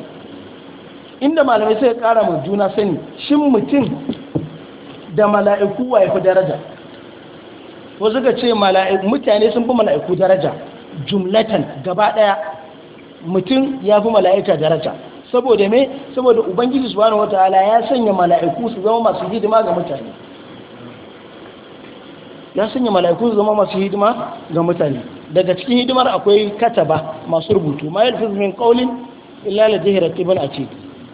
inda malamai suka kara mu juna sani shin mutum da mala'iku wa yafi daraja wasu ka ce mutane sun fi mala'iku daraja jumlatan gaba daya mutum ya fi mala'ika daraja saboda me saboda ubangiji subhanahu wataala ya sanya mala'iku su zama masu hidima ga mutane ya sanya mala'iku su zama masu hidima ga mutane daga cikin hidimar akwai kataba masu rubutu ma yalfiz min qawlin illa ladhi raqibun atid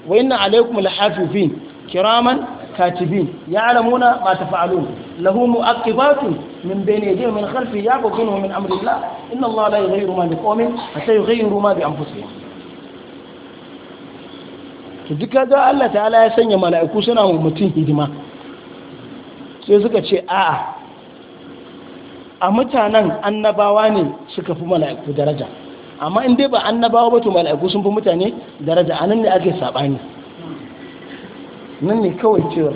wa inna alaikum lahafifin kiraman katibin ya ya'lamuna ma taf'alun lahu mu'aqibatun min bayni yadayhi min khalfi yaqulu min amri Allah inna Allah la yughayyiru ma biqawmin hatta yughayyiru ma bi anfusihim to duka ga Allah ta'ala ya sanya mala'iku suna wa mutum hidima sai suka ce a'a a mutanen annabawa ne suka fi mala'iku daraja amma in dai ba annabawa ba to mala'iku sun fi mutane daraja anan ne ake sabani nan ne kawai cewa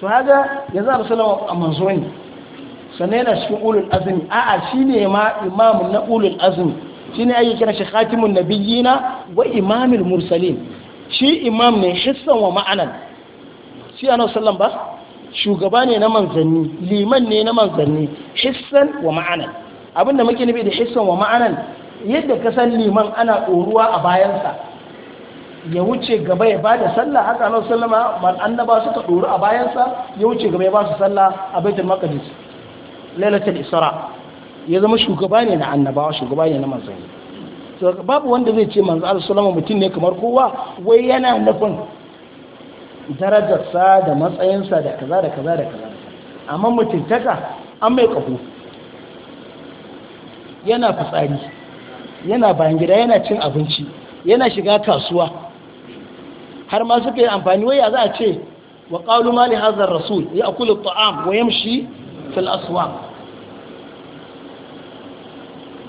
to haga ya za a manzo ne sannan yana cikin ulul a a'a ne ma imamun na ulul shi ne ake kira shi khatimun nabiyina wa imamul mursalin shi imam ne hissan wa ma'anan shi annabi sallan ba shugaba ne na manzanni liman ne na manzanni hissan wa ma'anan abinda muke nufi da hissan wa ma'anan yadda ka san liman ana ɗoruwa a bayansa ya wuce gaba ya bada sallah haka nan sallama ba annaba suka ɗoru a bayansa ya wuce gaba ya ba su sallah a baitul maqdis lailatul isra ya zama shugaba ne na annabawa shugaba ne na manzanni to babu wanda zai ce manzo Allah sallama mutum ne kamar kowa wai yana nufin darajarsa da matsayinsa da kaza da kaza da kaza amma mutuntaka an mai kafu yana fitsari yana bayan gida yana cin abinci yana shiga kasuwa har ma suka yi amfani waya za a ce wa qalu ma li hadha rasul ya akulu ta'am wa yamshi fil aswaq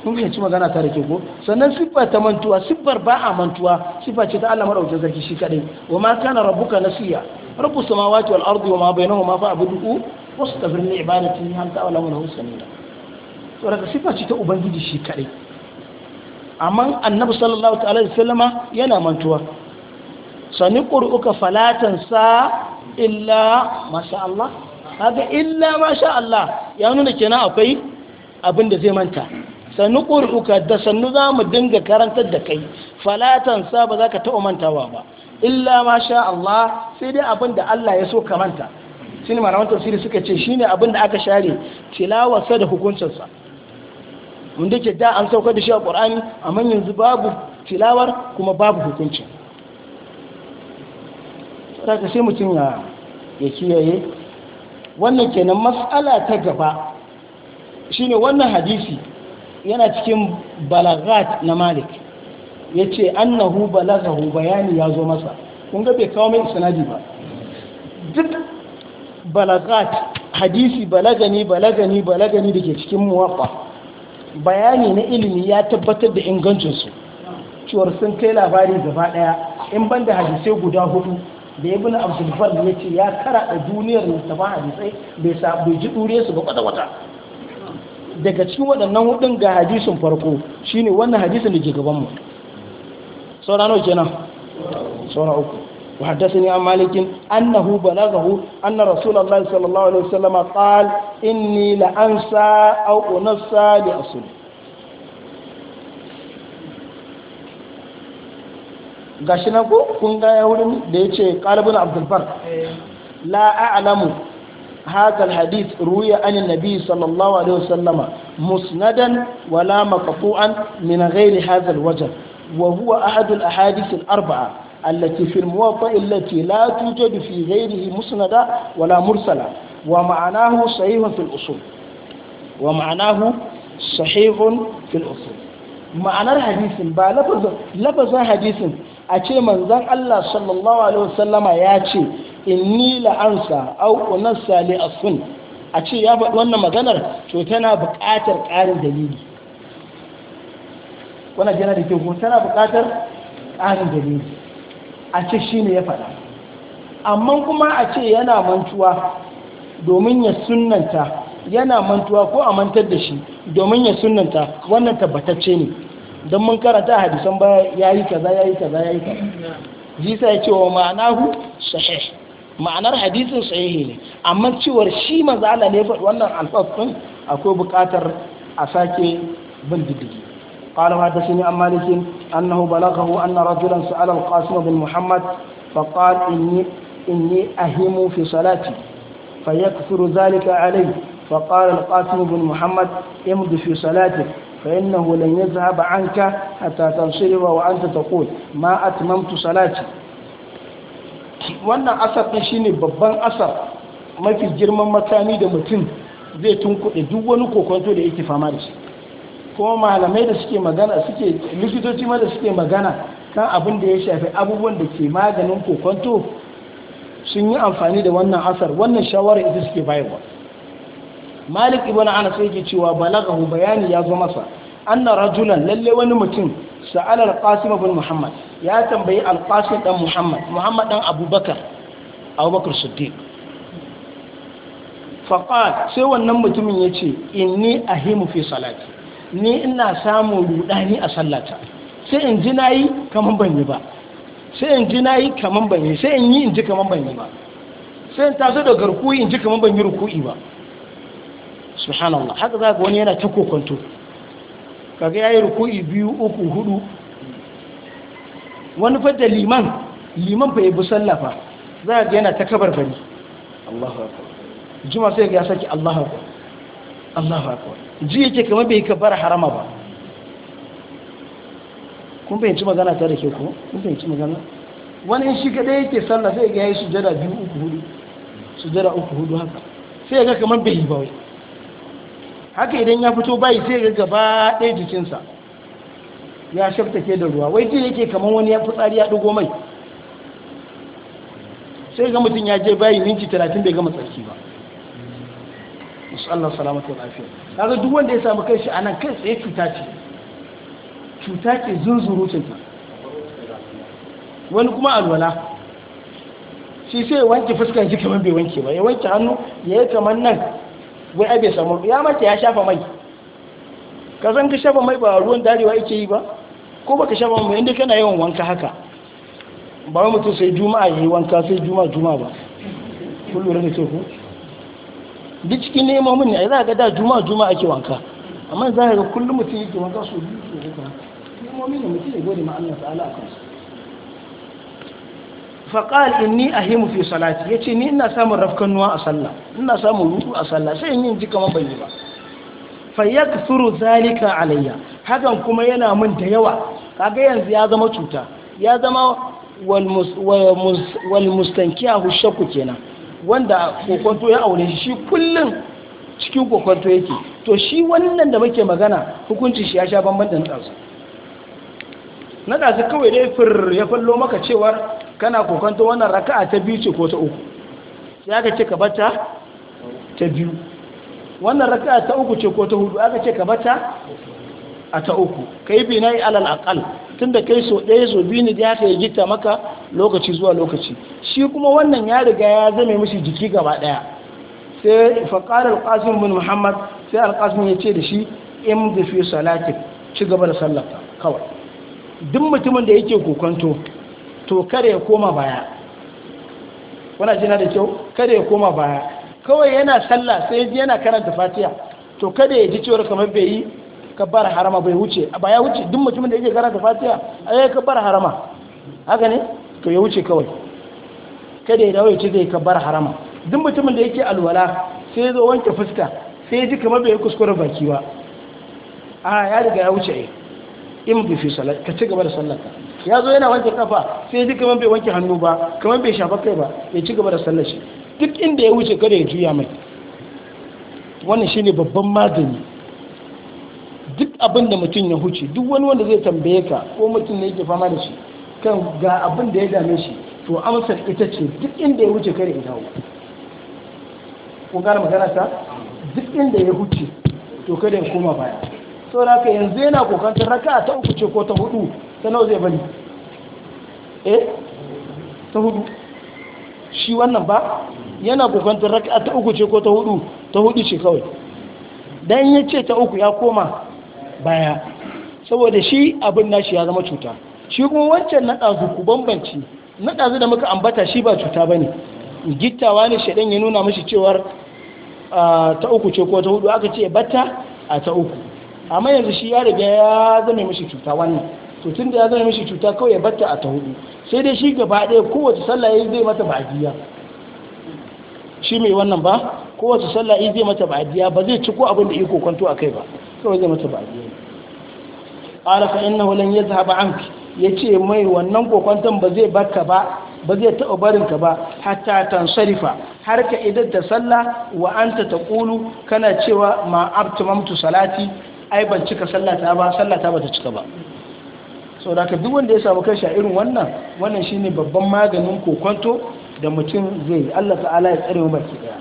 kun fahimci magana ta rike ko sannan siffar ta mantuwa siffar ba a mantuwa siffa ce ta Allah madaukakin sarki shi kadai wa ma kana rabbuka nasiya rabbus samawati wal ardi wa ma bainahuma fa'budu wastabir li ibadati hal ta'lamu lahu samira to daga siffa ce ta ubangiji shi kadai amma annabi sallallahu alaihi wasallama yana mantuwa sani ƙuri'uka falatan illa masha Allah haka illa masha Allah ya nuna kenan akwai abin da zai manta sani ƙuri'uka da sannu mu dinga karantar da kai Falatansa sa ba za ka taɓa mantawa ba illa masha Allah sai dai abin da Allah ya so ka manta shine malaman tafsiri suka ce shine abin da aka share tilawarsa da hukuncinsa wanda ke da an saukar da shi a ƙorani amma yanzu babu tilawar kuma babu hukunci ka sai mutum ya kiyaye wannan kenan matsala ta gaba shine wannan hadisi yana cikin balagat na malik ya ce annahu balagahu bayani ya zo masa kun ga bai kawo mai sanadi ba duk balagat hadisi balagani balagani balagani da ke cikin muwaffa bayani na ilimi ya tabbatar da ingancinsu cewar sun kai labari gaba ɗaya in ban da hadisai guda hudu da ya ibn abdulbar ya ce ya kara karaɗa duniyar littafin hadisai bai ji ɗure su ba kwata-kwata daga cikin waɗannan hudun ga hadisin farko shine wannan hadisin da ke gabanmu saura nawa kenan saura uku وحدثني عن مالك أنه بلغه أن رسول الله صلى الله عليه وسلم قال إني لأنسى أو أنسى لأصله gashi na ko kun ga ya wurin da ya ce kalibin abdulbar la a'lamu haka hadis ruya an nabi sallallahu alaihi wasallama musnadan wala maqtu'an min ghairi hadha alwajh wa huwa ahad alahadith arba'a. التي في الموطأ التي لا توجد في غيره مسندة ولا مرسلة ومعناه صحيح في الأصول ومعناه صحيح في الأصول معنى الحديث با لفظ لفظ حديث أتي من ذن الله صلى الله عليه وسلم ياتي inni la'ansa au unansa li asun a ce ya faɗi wannan maganar to tana buƙatar ƙarin dalili wannan jana da ke tana buƙatar ƙarin dalili a ce shi ne ya faɗa amma kuma a ce yana mantuwa domin ya sunanta yana mantuwa ko a mantar da shi domin ya sunanta wannan tabbatacce ne don mun karanta hadisan ba ya yi kaza ya yi kaza ya yi kaza jisa ya ce wa hu sahih ma'anar hadisin sahihi ne amma cewar shi manzo Allah ne faɗi wannan alfafin akwai buƙatar a sake bin diddigi قال وحدثني عن مالك أنه بلغه أن رجلا سأل القاسم بن محمد فقال إني, إني أهم في صلاتي فيكثر ذلك عليه فقال القاسم بن محمد امض في صلاتك فإنه لن يذهب عنك حتى تنصرف وأنت تقول ما أتممت صلاتي wannan asar ɗin shine babban asar mafi girman makami da mutum zai tunkuɗe duk wani kokonto da yake fama da shi kuma malamai da suke magana suke likitoci ma da suke magana kan abin da ya shafi abubuwan da ke maganin kokonto sun yi amfani da wannan asar wannan shawarar ita suke bayarwa malik ibn anas yake cewa balagahu bayani ya zo masa anna rajulan lalle wani mutum sa'ala al-qasim ibn muhammad ya tambayi al-qasim dan muhammad muhammad dan abubakar abubakar siddiq faqat sai wannan mutumin yace inni ahimu fi salati ni ina samun rudani a sallata sai in ji nayi kaman ban yi ba sai in ji nayi kaman ban yi sai in yi in ji kaman ban yi ba sai in taso da garkuwi in ji kaman ban yi ruku'i ba subhanallah haka za ga wani yana ta kokonto kaga yayi ruku'i biyu uku hudu wani fa da liman liman fa yabi sallafa za ga yana ta kabar bari Allahu akbar juma'a sai ga saki Allahu akbar Allahu akbar ji yake kamar bai bar harama ba kun ci magana ta da ke ko kun ci magana wani in shi kadai yake sallah sai ga yayi sujada biyu uku hudu sujada uku hudu haka sai ga kamar bai ba wai haka idan ya fito bai sai ga gaba ɗaya jikinsa ya ke da ruwa wai ji yake kamar wani ya fitsari ya ɗigo mai sai ga mutum ya je bayi minti talatin bai gama tsarki ba insha Allah salamatu wa lafiya kaga duk wanda ya samu kai shi anan kai tsaye cuta ce cuta ce zunzurucin ta wani kuma alwala shi sai wanke fuskar shi kamar bai wanke ba ya wanke hannu ya yi kamar nan wai abin samu ya mace ya shafa mai ka san ka shafa mai ba ruwan darewa yake yi ba ko baka shafa mai inda kana yawan wanka haka ba mutum sai juma'a yayi wanka sai juma'a juma'a ba kullu rana ce ku duk cikin mun ne a za ga da juma'a juma'a ake wanka amma za ga kullum mutum yake wanka su biyu su uku nemomin ne mutum ya gode ma Allah ta'ala a kansu faqal inni ahimu fi salati yace ni ina samun rafkan nuwa a sallah ina samun rudu a sallah sai in yin ji kamar ban yi ba fayaksuru zalika alayya hakan kuma yana min da yawa kaga yanzu ya zama cuta ya zama wal mustankiya hushaku kenan wanda kokonto ya aure shi kullum cikin kokonto yake to shi wannan da muke magana hukunci shi ya sha bamban da naɗansu naɗansu kawai dai fir ya fallo maka cewar kana kokonto wannan raka'a ta biyu ce ko ta uku sai aka ce ka bata ta biyu wannan raka'a ta uku ce ko ta hudu aka ce ka bata a ta uku kai bi na yi alal aqal tunda kai so ɗaya so biyu ne da haka ya gita maka lokaci zuwa lokaci shi kuma wannan ya riga ya zame mishi jiki gaba daya sai faqala al-qasim bin muhammad sai al-qasim ya ce da shi da fi salati ci gaba da sallarka kawai duk mutumin da yake kokonto to kare ya koma baya wannan jina da kyau kare ya koma baya kawai yana sallah sai yana karanta fatiha to kada ya ji cewa kamar bai yi kabbar harama bai wuce ba ya wuce duk mutumin da yake karanta fatiha ai kabbar harama haka ne to ya wuce kawai kada ya dawo ya ce zai kabbar harama duk mutumin da yake alwala sai ya zo wanke fuska sai ya ji kamar bai kuskure baki ba a ya riga ya wuce in bi fi salat ka ci gaba da ka ya zo yana wanke kafa sai ya ji kamar bai wanke hannu ba kamar bai shafa kai ba ya ci gaba da sallar shi duk inda ya wuce kada ya juya mai wannan shine babban magani duk abin da mutum ya huce duk wani wanda zai tambaye ka ko mutum ne yake fama da shi kan ga abin da ya dame shi to amsar ita ce duk inda ya wuce kare ita ko gane magana ta duk inda ya wuce to kada ya koma baya sau da ka yanzu yana kokantar raka ta uku ce ko ta hudu ta nawa zai bari eh ta hudu shi wannan ba yana kokantar raka ta uku ce ko ta hudu ta hudu ce kawai dan ya ce ta uku ya koma baya saboda shi abin nashi ya zama cuta shi kuma wancan na ɗazu ku bambanci na ɗazu da muka ambata shi ba cuta ba ne gittawa ne shaidan ya nuna mashi cewar ta uku ce ko ta hudu aka ce bata a ta uku amma yanzu shi ya riga ya zama mashi cuta wannan to tun da ya zama mashi cuta kawai ya bata a ta hudu sai dai shi gaba ɗaya kowace sallah ya zai mata ba'adiyya shi mai wannan ba kowace sallah ya zai mata ba'adiyya ba zai ci ko abin da iko kwanto a kai ba kawai zai mata ba'adiyya qala fa innahu lan yadhhab anki ya ce mai wannan kokwantan ba zai baka ba ba zai taɓa barinka ba hatta sarifa har ka idar da sallah wa ta ƙulu kana cewa ma abtamamtu salati ai ban cika sallata ba sallata ba ta cika ba sau da ka wanda ya samu kashi a irin wannan wannan shine babban maganin kokonto da mutum zai Allah ta'ala ya tsare mu baki daya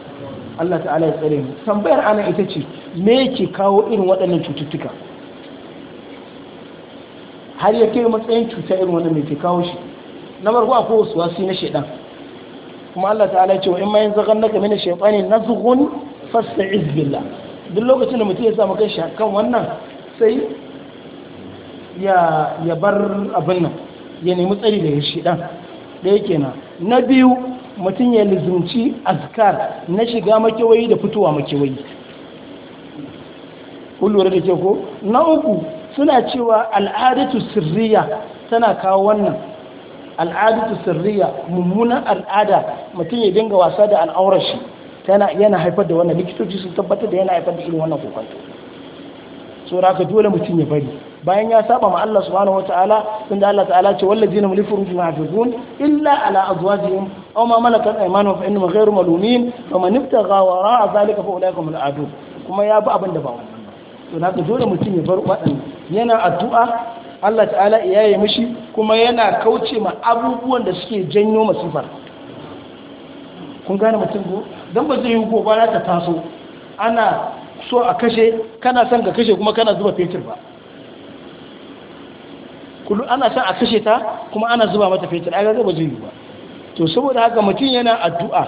Allah ta'ala ya tsare mu tambayar ana ita ce me yake kawo irin waɗannan cututtuka har ya kai matsayin cuta irin wanda mai ke kawo shi na farko a wasu wasu na shaidan kuma Allah ta'ala ya ce wa in ma yanzu na naka shaifani na zuhun fasta billah duk lokacin da mutum ya samu kai shakan wannan sai ya bar abin nan ya nemi tsari da ya shaidan da ya kenan, na biyu mutum ya lizunci azkar na shiga makewayi da fitowa makewayi kun da ke ko na uku suna cewa al'adatu sirriya tana kawo wannan al'adatu sirriya mummunan al'ada mutum ya dinga wasa da al'aurar shi yana haifar da wannan likitoci sun tabbatar da yana haifar da irin wannan kokonto saboda haka dole mutum ya bari bayan ya saba ma Allah subhanahu wataala da Allah ta'ala ce wallazina li furujihim hafizun illa ala azwajihim aw ma malakat aymanuhum fa innahum ghayru malumin faman ibtagha wara'a zalika fa ulaika hum kuma ya bi abin da ba wannan to na dole mutum ya bar waɗannan yana addu'a Allah ta'ala ya yi mishi kuma yana kauce ma abubuwan da suke janyo masifar kun gane mutum ko don ba zai yi na ta taso ana so a kashe kana son ka kashe kuma kana zuba fetur ba kullu ana son a kashe ta kuma ana zuba mata fetur a ga ba zai yi ba to saboda haka mutum yana addu'a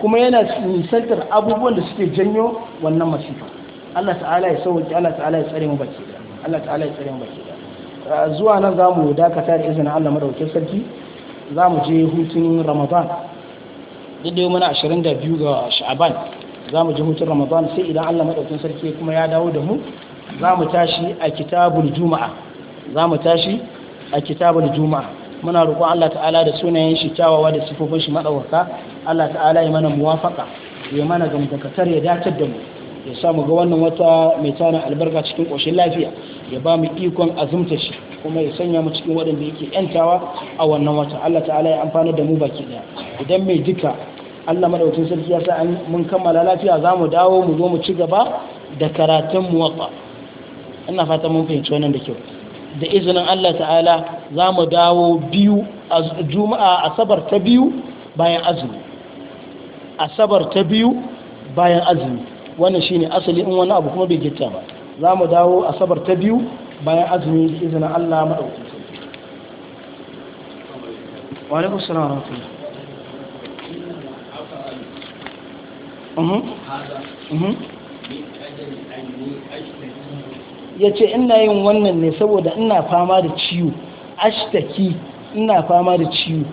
kuma yana nisantar abubuwan da suke janyo wannan masifa Allah ta'ala ya sauke Allah ta'ala ya tsare mu baki Allah ta'ala ya baki da ah, zuwa nan za mu dakata da izinin Allah madaukakin sarki za mu je hutun Ramadan daidai muna 22 ga Sha'aban za mu je hutun Ramadan sai idan Allah madaukakin sarki kuma ya dawo da mu za mu tashi a kitabul Juma'a za mu tashi a kitabul Juma'a muna roƙon Allah ta'ala da sunayen shi kyawawa da sifofin shi madawarka Allah ta'ala ya mana muwafaka ya mana gamdakatar ya dacar da mu ya samu ga wannan wata mai tana albarka cikin ƙoshin lafiya ya ba mu ikon azumta shi kuma ya sanya mu cikin waɗanda yake yantawa a wannan wata Allah ta'ala ya amfana da mu baki daya idan mai duka Allah madaukakin sarki ya sa mun kammala lafiya za mu dawo mu zo mu ci gaba da karatun muwatta ina fata mun fahimci wannan da kyau da izinin Allah ta'ala za mu dawo biyu a juma'a asabar ta biyu bayan azumi asabar ta biyu bayan azumi wannan shine asali in wani abu kuma bai gitta ba za mu dawo asabar ta biyu bayan azumi izinin Allah maɗauki wa ya ce ina yin wannan ne saboda ina fama da ciwo ashtaki ina fama da ciwo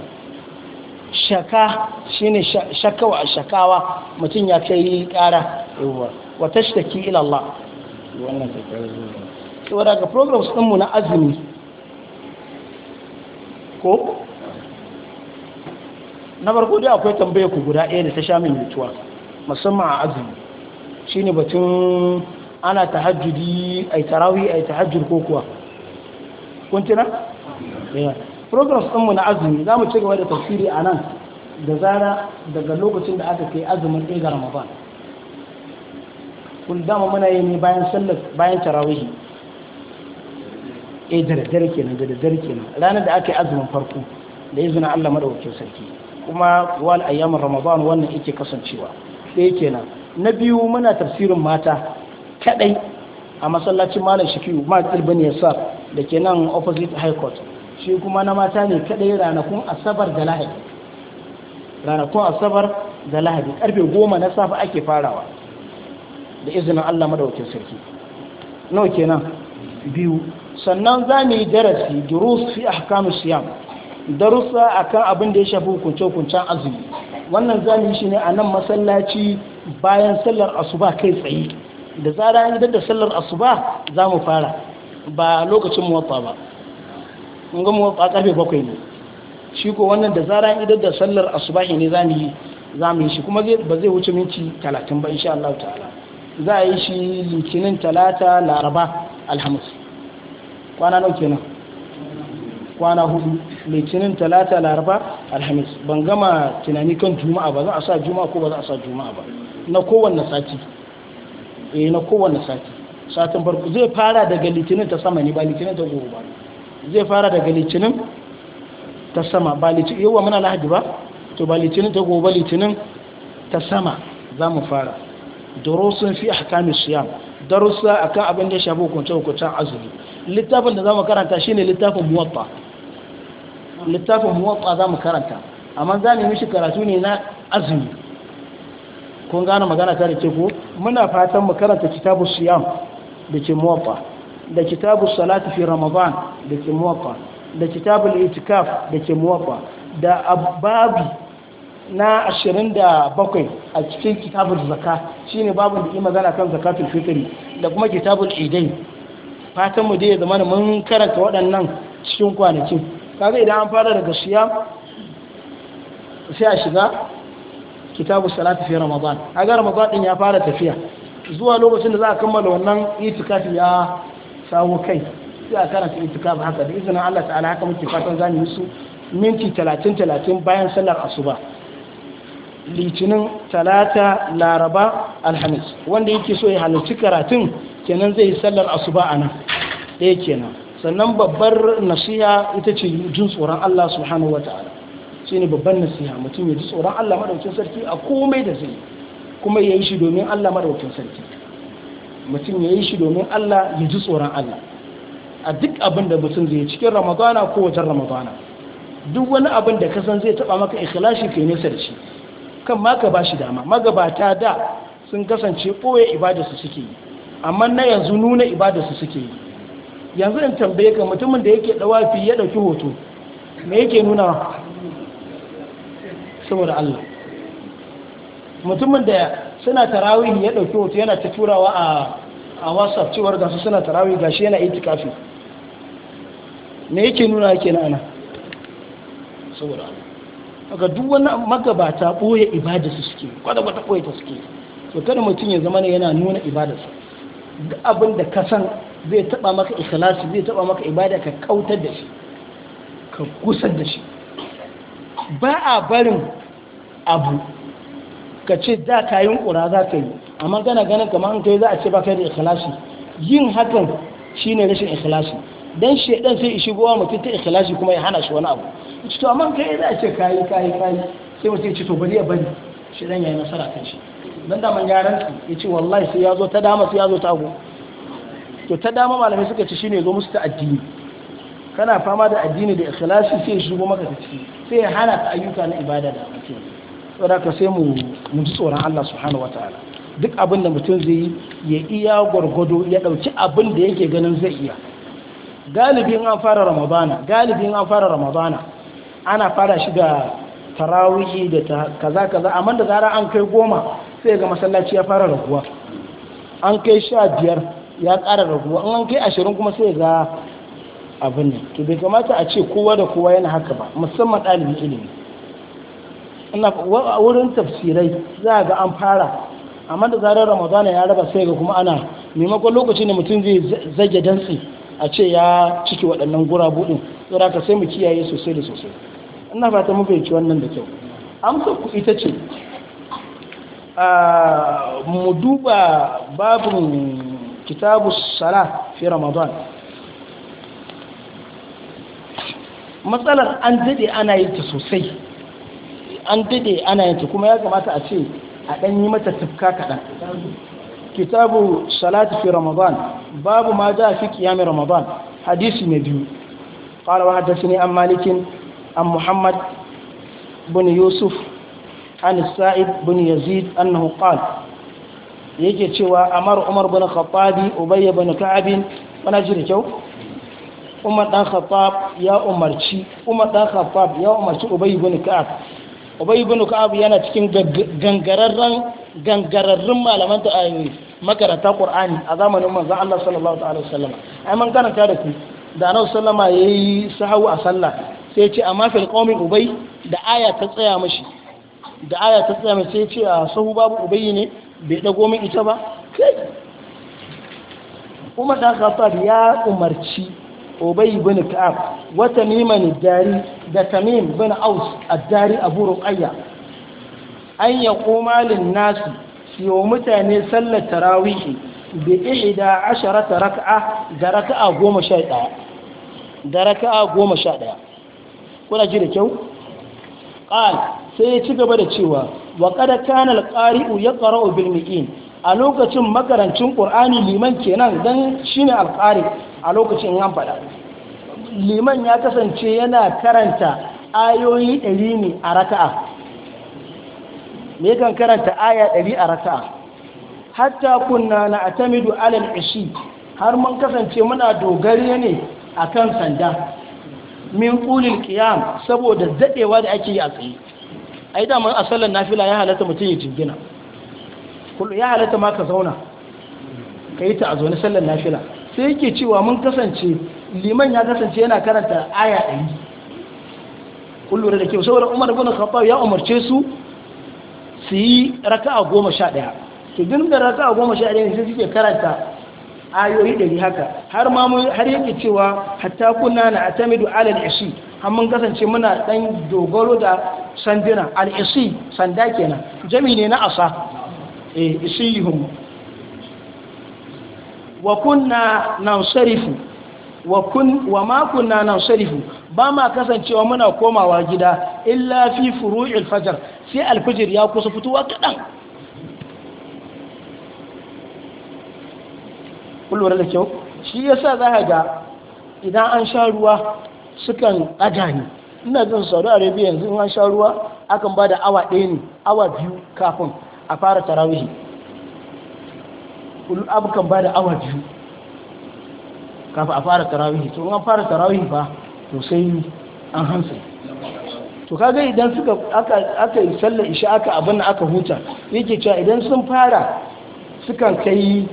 shaka shi ne shakawa a shakawa mutum ya kai kara yawa wa tashtaki ila Allah wannan shekarar zuwa saboda ga programs ɗinmu na azumi ko na farko dai akwai tambaye ku guda ɗaya da ta sha min mutuwa musamman a azumi shine batun ana tahajjudi ai tarawi ai tahajjud ko kuwa kun tuna eh. programs ɗinmu na azumi za mu ci gaba da tafsiri a nan da zara daga lokacin da aka kai azumin ɗaya ga ramadan kun dama muna yi ne bayan sallar bayan tarawihi eh da daddare kenan da daddare kenan ranar da aka yi azumin farko da izinin Allah madaukakin sarki kuma wal ayyamin ramadan wannan yake kasancewa yake kenan na biyu muna tafsirin mata kadai a masallacin malam shikiyu ma tsirbin yasar da ke nan opposite high court shi kuma na mata ne kadai ranakun asabar da lahadi ranakun asabar da lahadi karfe goma na safe ake farawa da izinin Allah madaukin sarki nawa kenan biyu sannan za mu yi darasi durus fi ahkamus siyam darussa akan abin da ya shafi hukunce-hukuncen azumi wannan za mu yi shi ne a nan masallaci bayan sallar asuba kai tsaye da zara an idan da sallar asuba za mu fara ba lokacin muwatta ba mun ga muwatta karfe bakwai ne shi ko wannan da zara an idan da sallar asuba ne za mu yi za mu yi shi kuma ba zai wuce minti talatin ba insha Allah ta'ala za a yi shi litinin talata laraba alhamis kwana nau nan kwana hudu litinin talata laraba alhamis ban gama tunani kan juma'a ba za a sa juma'a ko ba za a sa juma'a ba na kowanne sati eh na kowanne sati satin farko zai fara daga litinin ta sama ne ba litinin ta goro ba zai fara daga litinin ta sama ba litinin yawa muna lahadi ba to ba litinin ta ba litinin ta sama za mu fara durusun fi ahkamis siyam darussa akan abin da ya shafi hukunce hukuncen azumi littafin da zamu karanta shine littafin muwatta littafin muwatta zamu karanta amma za mishi karatu ne na azumi kun gane magana ta da ko muna fatan mu karanta kitabu siyam da ke muwatta da kitabu salati fi ramadan da ke muwatta da kitabul itikaf da ke muwatta da ababi na 27 a cikin kitabul zakka shine babu da ke magana kan zakatul fitri da kuma kitabul idai fatan mu dai zama mun karanta waɗannan cikin kwanakin kaga idan an fara daga siyam sai a shiga kitabu salatu fi ramadan kaga ramadan din ya fara tafiya zuwa lokacin da za a kammala wannan itikafi ya sawo kai sai a karanta itikafi haka da izinin Allah ta'ala haka muke fatan zamu yi su minti 30 30 bayan sallar asuba litinin talata laraba alhamis wanda yake so ya halarci karatun kenan zai yi sallar asuba a nan ɗaya kenan sannan babbar nasiha ita ce jin tsoron Allah subhanahu wata'ala shi ne babban nasiha mutum ya ji tsoron Allah madaukin sarki a komai da zai kuma ya yi shi domin Allah madaukin sarki mutum ya yi shi domin Allah ya ji tsoron Allah a duk abin da mutum zai cikin ramadana ko wajen ramadana duk wani abin da kasan zai taba maka ikhlashi kai nesa da shi kan maka ba shi dama magabata da sun kasance ɓoye ibadarsu suke yi amma na yanzu nuna ibadarsu suke yi yanzu in tambaye ka mutumin da yake dawafi ya ɗauki hoto me yake nuna saboda Allah mutumin da suna tarawih ya ɗauki hoto yana ta turawa a whatsapp cewar gasu suna tarawih gashi yana kafi. me yake nuna yake na ana saboda Allah daga duk wani magabata ɓoye ibada su suke kwada kwata ɓoye ta suke to kada mutum ya zama ne yana nuna ibada su, duk abin da ka san zai taɓa maka ikhlasi zai taɓa maka ibada ka kautar da shi ka kusar da shi ba a barin abu ka ce da ka yi ƙura za ka yi amma gana ganin kamar an kai za a ce ba kai da ikhlasi yin hakan shine rashin ikhlasi dan shedan sai ya shigo wa mutum ta ikhlashi kuma ya hana shi wani abu to amma kai za a ce kai kai kai sai mutum ya ce to bari ya bari shedan yayi nasara kan shi dan da man yaran su yace wallahi sai ya zo ta dama sai ya zo ta go to ta dama malamai suka ce shine zo musu ta addini kana fama da addini da ikhlashi sai ya shigo maka ta ciki sai ya hana ka ayyuka na ibada da kake saboda ka sai mu mu ji tsoron Allah subhanahu wataala duk abin da mutum zai yi ya iya gwargwado ya dauki abin da yake ganin zai iya galibin an fara ramadana galibin an fara ramadana ana fara shi da tarawihi da kaza kaza amma da zara an kai goma sai ga masallaci ya fara raguwa an kai sha biyar ya kara raguwa an an kai ashirin kuma sai ga abin ne to bai kamata a ce kowa da kowa yana haka ba musamman ɗalibin ilimi a wurin tafsirai za ga an fara amma da zarar ramadana ya raba sai ga kuma ana maimakon lokacin da mutum zai zage dantsi a ce ya ciki waɗannan gurabu ɗin saboda ka sai mu kiyaye sosai da sosai ina fata mu fahimci wannan da kyau amsa ku ita ce mu duba babin kitabu sala fi ramadan matsalar an daɗe ana yin ta sosai an daɗe ana yin ta kuma ya kamata a ce a ɗan yi mata tafka kaɗan كتاب صلاة في رمضان باب ما جاء في قيام رمضان حديث مدي قال وحدثني عن مالك عن محمد بن يوسف عن السائب بن يزيد أنه قال يجي تشوى أمر عمر بن الخطاب أبي بن كعب ونجري تشوى أمر بن الخطاب يا أمر تشي أمر بن الخطاب يا أمر تشي أبي بن كعب أبي بن كعب يانا تشكين جنجرران gangararrun malaman ta makaranta qur'ani a zamanin manzon Allah sallallahu alaihi wasallam ai man ta da ku da nau sallama yayi sahawu a sallah sai ya ce amma fil qaumi ubay da aya ta tsaya mashi da aya ta tsaya mashi sai ce a sahu babu ubay ne bai dago min ita ba kai Umar dan ya umarci Ubay bin Ka'ab wata Tamim dari da Tamim bin Aus ad-Dari Abu Ruqayya an ya koma nasu siyo mutane sallar tarawihi bi ihda asharata raka'a da raka'a goma da raka'a goma sha ɗaya kuna ji da kyau qal sai ya ci gaba da cewa wa qad kana al ya yaqra'u bil mi'in a lokacin makarancin qur'ani liman kenan dan shine ne qari a lokacin yan fada liman ya kasance yana karanta ayoyi ɗari ne a raka'a me kan karanta aya 100 a raka'a hatta kunna na atamidu alal ishi har mun kasance muna dogari ne akan sanda min qulil qiyam saboda dadewa da ake yi a tsaye ai da mun asallan nafila ya halatta mutum ya jingina kullu ya halatta ma ka zauna kai ta a ne sallan nafila sai yake cewa mun kasance liman ya kasance yana karanta aya 100 kullu da ke saboda Umar ibn Khattab ya umarce su su yi raka'a goma sha ɗaya su dinga raka'a goma sha ɗaya su suke karanta ayoyi ɗari haka har ma har yake cewa hatta kuna na a atamidu alal isi har mun kasance muna ɗan dogaro da sandina al isi sanda kenan jami ne na asa yi eh, hun wa sarifu wa kun ma kunna nan sharifu ba ma kasancewa muna komawa gida illa fi furu'il fajar sai alfajir ya kusa fitowa kadan kullum da kyau shi yasa za ka ga idan an sha ruwa sukan ɗaga ni ina jin saudi arabia yanzu in an sha ruwa akan ba da awa ɗaya ne awa biyu kafin a fara tarawihi abukan ba da awa biyu kafa a fara tarawihi to an fara tarawihi ba to sai an hansa to kaga idan suka aka aka yi sallar isha aka abin aka huta yake cewa idan sun fara sukan kai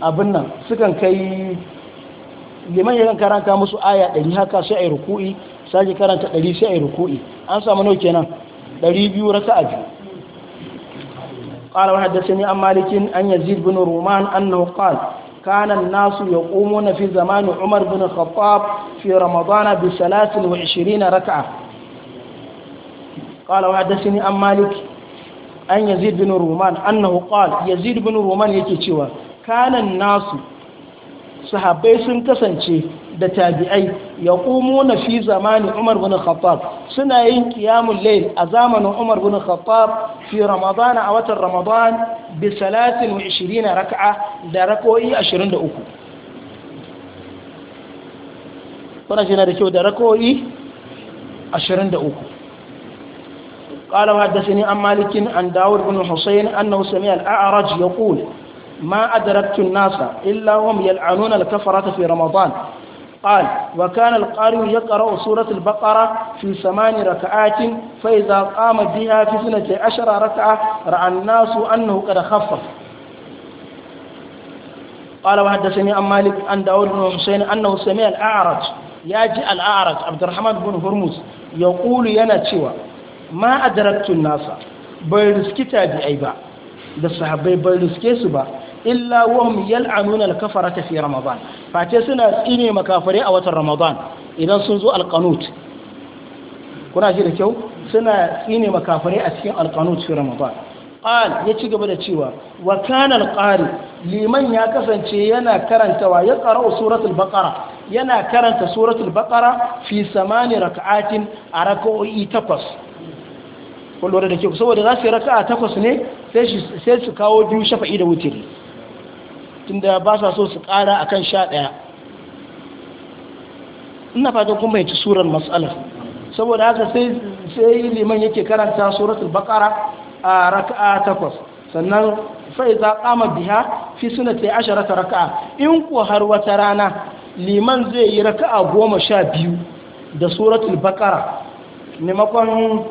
abin nan sukan kai liman yakan karanta musu aya 100 haka sai ai ruku'i sai karanta 100 sai ai ruku'i an samu nau kenan 200 raka'a biyu قال وحدثني عن مالك أن يزيد بن رومان أنه قال كان الناس يقومون في زمان عمر بن الخطاب في رمضان بثلاث وعشرين ركعة قال وحدثني عن مالك أن يزيد بن الرومان أنه قال يزيد بن الرومان يكي كان الناس صحابي سنكسنشي da tabi'ai ya ƙumu na fi zamani umar bin khattab suna yin kiyamun lail a zamanin umar bin khattab fi ramadan a watan ramadan bi salatin wa ishirina raka'a da rakoyi ashirin da uku kuna shi da kyau da rakoyi ashirin da uku قال وحدثني عن مالك عن داود بن حسين أنه سمع الأعرج يقول ما أدركت الناس إلا هم يلعنون الكفرة fi رمضان قال وكان القارئ يقرأ سورة البقرة في ثمان ركعات فإذا قام بها في سنة عشر ركعة رأى الناس أنه قد خفف قال وحدثني عن مالك عن داود بن حسين أنه سمع الأعرج ياجي الأعرج عبد الرحمن بن هرمز يقول ينا تشوى ما أدركت الناس بل رسكتا بأي با da sahabbai bai riske su ba illa wahum yal'anuna al-kafarata fi ramadan face suna tsine makafare a watan ramadan idan sun zo al-qanut kuna ji da kyau suna tsine makafare a cikin al-qanut fi ramadan qal ya ci gaba da cewa wa kana al-qari liman ya kasance yana karantawa ya qara'u suratul baqara yana karanta suratul baqara fi samani raka'atin a raka'o'i takwas kullum da ke saboda za su yi raka'a takwas ne sai su kawo biyu shafa'i da wutiri tunda ba sa so su ƙara a kan sha ɗaya ina fata kuma yaci surar matsala. saboda haka sai liman yake karanta suratul bakara a raka'a takwas sannan sai za kama biya fi suna ta ashara ta raka'a in ko har wata rana liman zai yi raka'a goma sha biyu da suratul bakara maimakon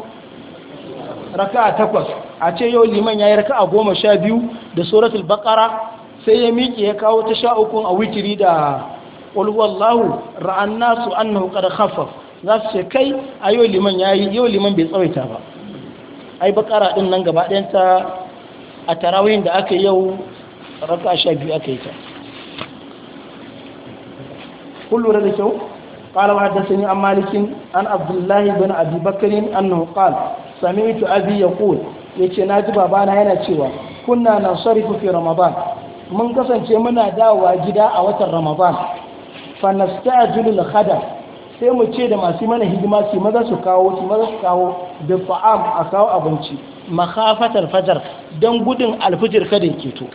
raka'a takwas a ce yau liman ya yi raka'a goma sha biyu da suratul baƙara sai ya miƙe ya kawo ta sha ukun a witiri da alwallahu ra'an nasu annahu hukar hafaf za su ce kai a yau liman yi yau liman bai tsawaita ba ai bakara ɗin nan gaba ɗinta a tarawihin da aka yau raka sha biyu aka yi ta kullu da kyau an an an bin عن عبد الله بن ابي بكر انه قال سمعت ya ce na ji babana yana cewa kunna nasarifu fi ramadan mun kasance muna dawowa gida a watan ramadan fa nasta'jilul khadar sai mu ce da masu mana hidima su maza su kawo su maza su kawo da fa'am a kawo abinci makafatar fajar don gudun alfijir kada ya to.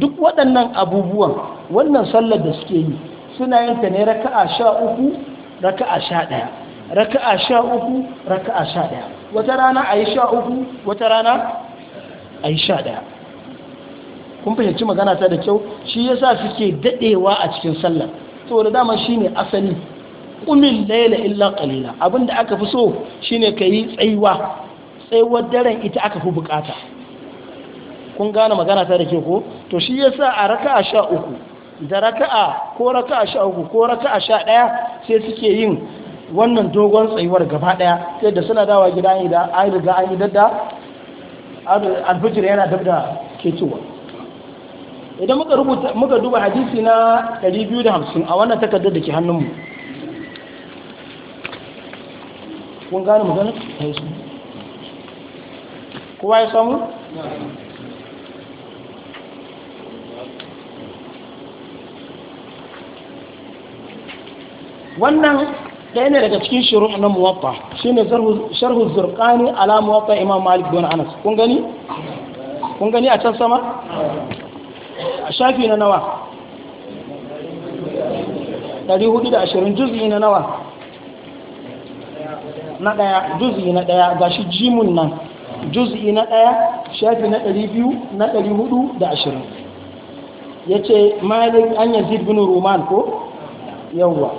duk waɗannan abubuwan wannan sallar da suke yi suna yin ta ne raka'a sha uku raka'a sha ɗaya raka'a sha uku raka'a sha ɗaya wata rana a yi sha uku wata rana a yi sha ɗaya kun fahimci magana ta da kyau shi yasa suke daɗewa a cikin sallah saboda dama shine asali qumil layla illa qalila abinda aka fi so shine kai tsayuwa tsayuwar daren ita aka fi bukata kun gane magana ta da kyau ko to shi yasa a raka'a sha uku da raka'a ko raka'a sha uku ko raka'a sha ɗaya sai suke yin wannan dogon tsayuwar gaba ɗaya sai da suna dawa gida an yi da an riga an yi dadda alfijir yana dabda cewa idan muka rubuta muka duba hadisi na 250 a wannan takardar da ke hannunmu kun gane magana ta yi su ya samu wannan ɗaya ne daga cikin shiru na muwaffa shi ne sharhu zurkani ala muwaffa imam malik don anas kun gani kun gani a can sama a shafi na nawa 420 juz'i na nawa na daya juz'i na daya gashi jimun nan juz'i na daya shafi na 200 na 420 ce malik an yanzu bin ruman ko yawwa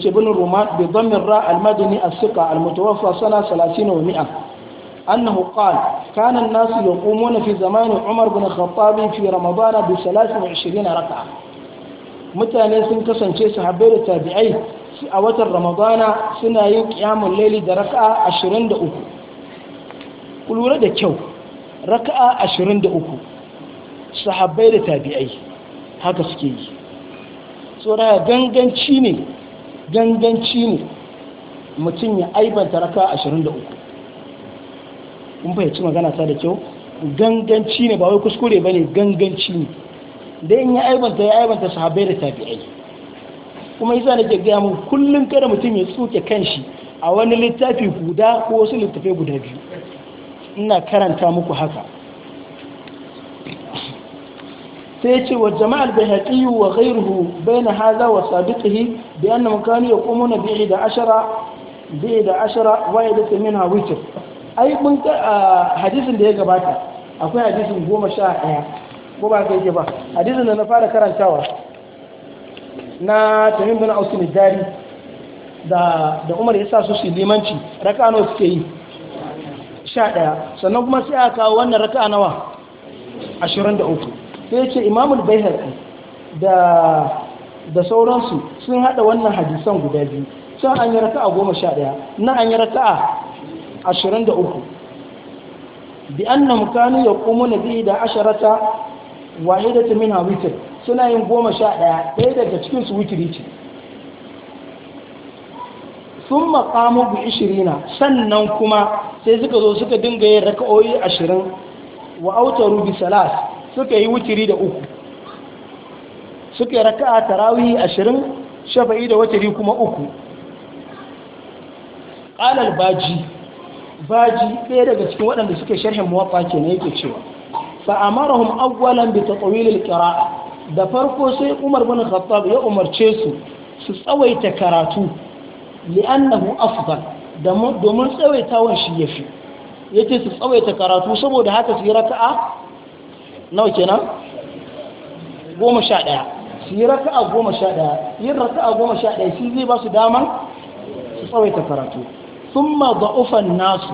ce bin ruman bi dhammir ra al madani as-siqa al mutawaffa sana 30 wa 100 أنه قال كان الناس يقومون في زمان عمر بن الخطاب في رمضان بثلاث وعشرين ركعة mutane sun kasance su habbai da tabi'ai a watan ramadana suna yin kiyamun laili da raka'a ashirin da uku lura da kyau raka'a ashirin da uku su habbai da tabi'ai haka suke yi ganganci ne ganganci ne mutum ya aibanta raka'a ashirin da uku kun fahimci magana ta da kyau ganganci ne ba wai kuskure ba ne ganganci ne da in ya aibanta ya aibanta sahabbai da tabi'ai kuma yasa na gaya mu kullum kada mutum ya tsuke kan shi a wani littafi guda ko wasu littafai guda biyu ina karanta muku haka sai ce wa jama'al bai wa ghairuhu bai na haza wa sabiƙihi da na mukani ya kuma na biyu da ashara biyu da ashara waya da tamin hawitir ai mun hadisin da ya gabata akwai hadisin goma ko ba ka ke ba hadisin da na fara karantawa na tamim bin ausin dari da da umar ya sa su su limanci raka nawa suke yi sha sannan kuma sai aka kawo wannan raka nawa ashirin da uku ce imamul baihaqi da da sauransu sun hada wannan hadisan guda biyu can an yi raka'a goma sha ɗaya na an yi raka'a ashirin da uku bi na mukanu ya kuma na biyu da asharata wahidatu min suna yin goma sha ɗaya ɗaya daga cikin su wikiri ce sun makamu bi ishirina sannan kuma sai suka zo suka dinga yin raka'o'i ashirin wa autaru bi salas suka yi witiri da uku suka yi raka'a tarawihi ashirin shafa'i da watari kuma uku ƙalal baji baji ɗaya daga cikin waɗanda suke sharhin muwaffa ke ne yake cewa fa amarahum awwalan bi ta tsawilin qiraa da farko sai Umar bin Khattab ya umarce su su tsawaita karatu li'annahu afdal domin tsawaitawan shi ya fi yace su tsawaita karatu saboda haka su yi raka'a nawa kenan goma sha ɗaya su yi raka'a goma sha ɗaya yin raka'a goma sha ɗaya shi zai ba su damar su tsawaita karatu thumma da'ufan nasu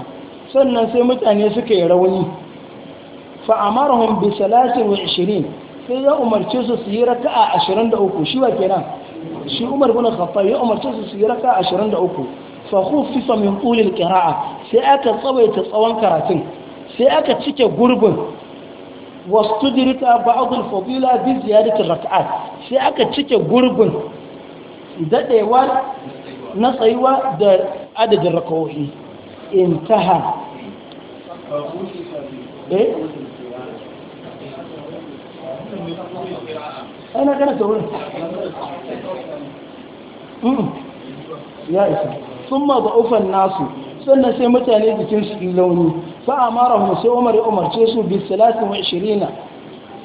sannan sai mutane suka yi rauni fa amarahum bi salatin wa 20 sai ya umarce su su yi da uku. shi wa kenan shi Umar ibn kafa. ya umarce su su yi da uku. fa fifa min qulil qira'a sai aka tsawaita tsawon karatun sai aka cike gurbin wastudrika ba'd al-fadila bi ziyadati rak'at sai aka cike gurbin dadewa na tsayuwa da عدد الركوعي انتهى ايه انا قلت اقول يا ايسا ثم ضعف الناس سنة سيمتا ليدي تنسك اللوني فأمارهم سيومر عمر تيسو بالثلاث وعشرين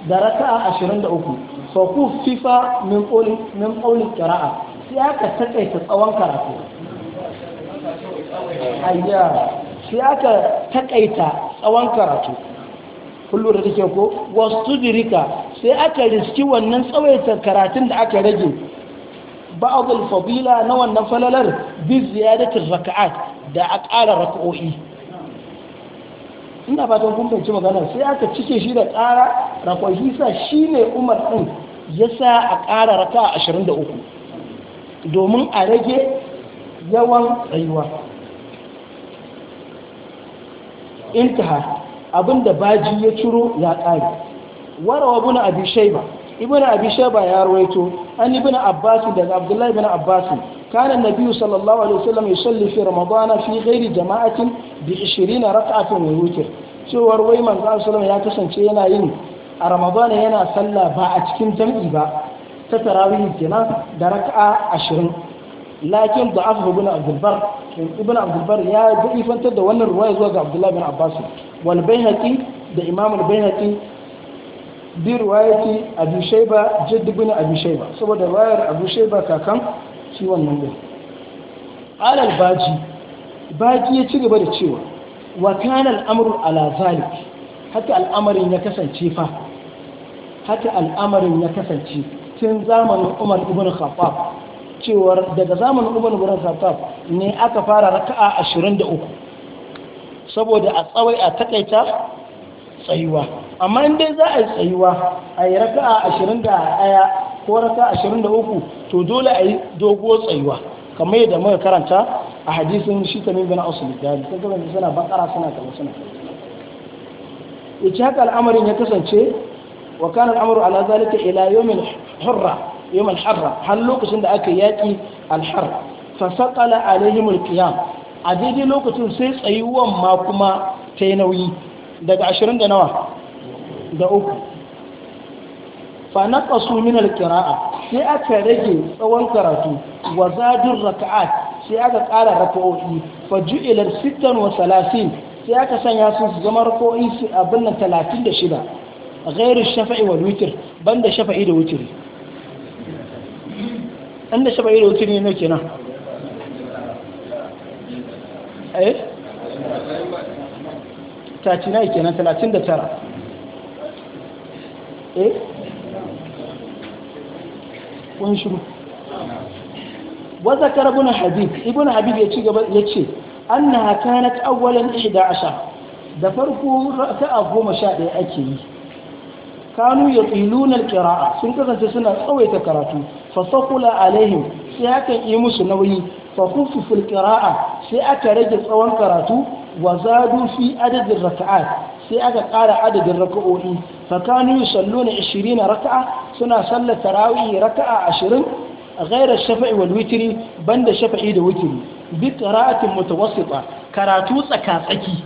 دركاء عشرين دعوكم فقوف فيفا من قول من قول الكراءة سياكا تكيت قوان كراكو ayya sai aka takaita tsawon karatu kullum da take ko wasu dirika sai aka riski wannan tsawaita karatun da aka rage ba'adul fadila na wannan falalar bi ziyadatin raka'at da a ƙara raka'o'i ina fatan kun fahimci magana sai aka cike shi da ƙara raka'o'i sa shine umar din sa a ƙara raka'a 23 domin a rage yawan rayuwa intaha abinda baji ya ciro ya ƙare warawa ibn abi shayba ya rawaito an ibn abbas daga abdullahi ibn abbas kana biyu sallallahu alaihi wasallam yusalli fi ramadana fi gairi jama'atin bi 20 rak'atin ya wuce. cewar wai manzo sallallahu ya kasance yana yin a ramadana yana sallah ba a cikin jam'i ba ta tarawih kenan da raka'a ashirin lakin da ibn abdul abdulbar ibn abdulbar ya da'ifantar da wannan ruwa zuwa ga abdullahi bin Abbasu. wal bayhaqi da imam al bi ruwayati abi shayba jadd saboda ruwayar abu kakan shi wannan ne Alal baji baji ya ci gaba da cewa wa kana al amru ala zalik haka al'amarin ya kasance fa haka al'amarin ya kasance tun zamanin Umar ibn Khattab cewar daga zamanin umar ibn khattab ne aka fara raka'a 23 saboda a tsawai a takaita tsayuwa amma in dai za a yi tsayuwa a yi raka'a 21 ko raka'a 23 to dole a yi dogo tsayuwa kamar yadda muka karanta a hadisin shi ta bin asali da ta kasance suna bakara suna kama suna yace haka al'amarin ya kasance wa kanar amuru ala zalika ila yomin hurra yawmal harra har lokacin da aka yaki alhar har fa alaihim a daidai lokacin sai tsayuwan ma kuma ta yi nauyi daga ashirin da nawa da uku fa naqasu min al sai aka rage tsawon karatu wa zadun raka'at sai aka ƙara raka'o'i fa ju'ilar sittan wa salasin sai aka sanya su su zama raka'o'i su abin nan talatin da shida gairin shafa'i wa witir banda shafa'i da witiri an da shafa'i da wuturi ne kenan eh tatina kenan 39 eh kun shiru wa zakara ibn habib ibn habib ya ci gaba yace annaha kanat awwalan 11 da farko ta goma raka'a 11 ake yi kanu ya yaqiluna alqira'a sun kasance suna tsawaita karatu fasakula alaihim sai aka yi musu nauyi fahufu filkira'a sai aka rage tsawon karatu wa zadu fi adadin raka'at sai aka ƙara adadin raka'o'i fakanu sallu na 20 raka'a suna sallar tarawih raka'a 20 غير الشفعي والوتري banda شفعي da وتري بقراءة متوسطة كراتو karatu tsakatsaki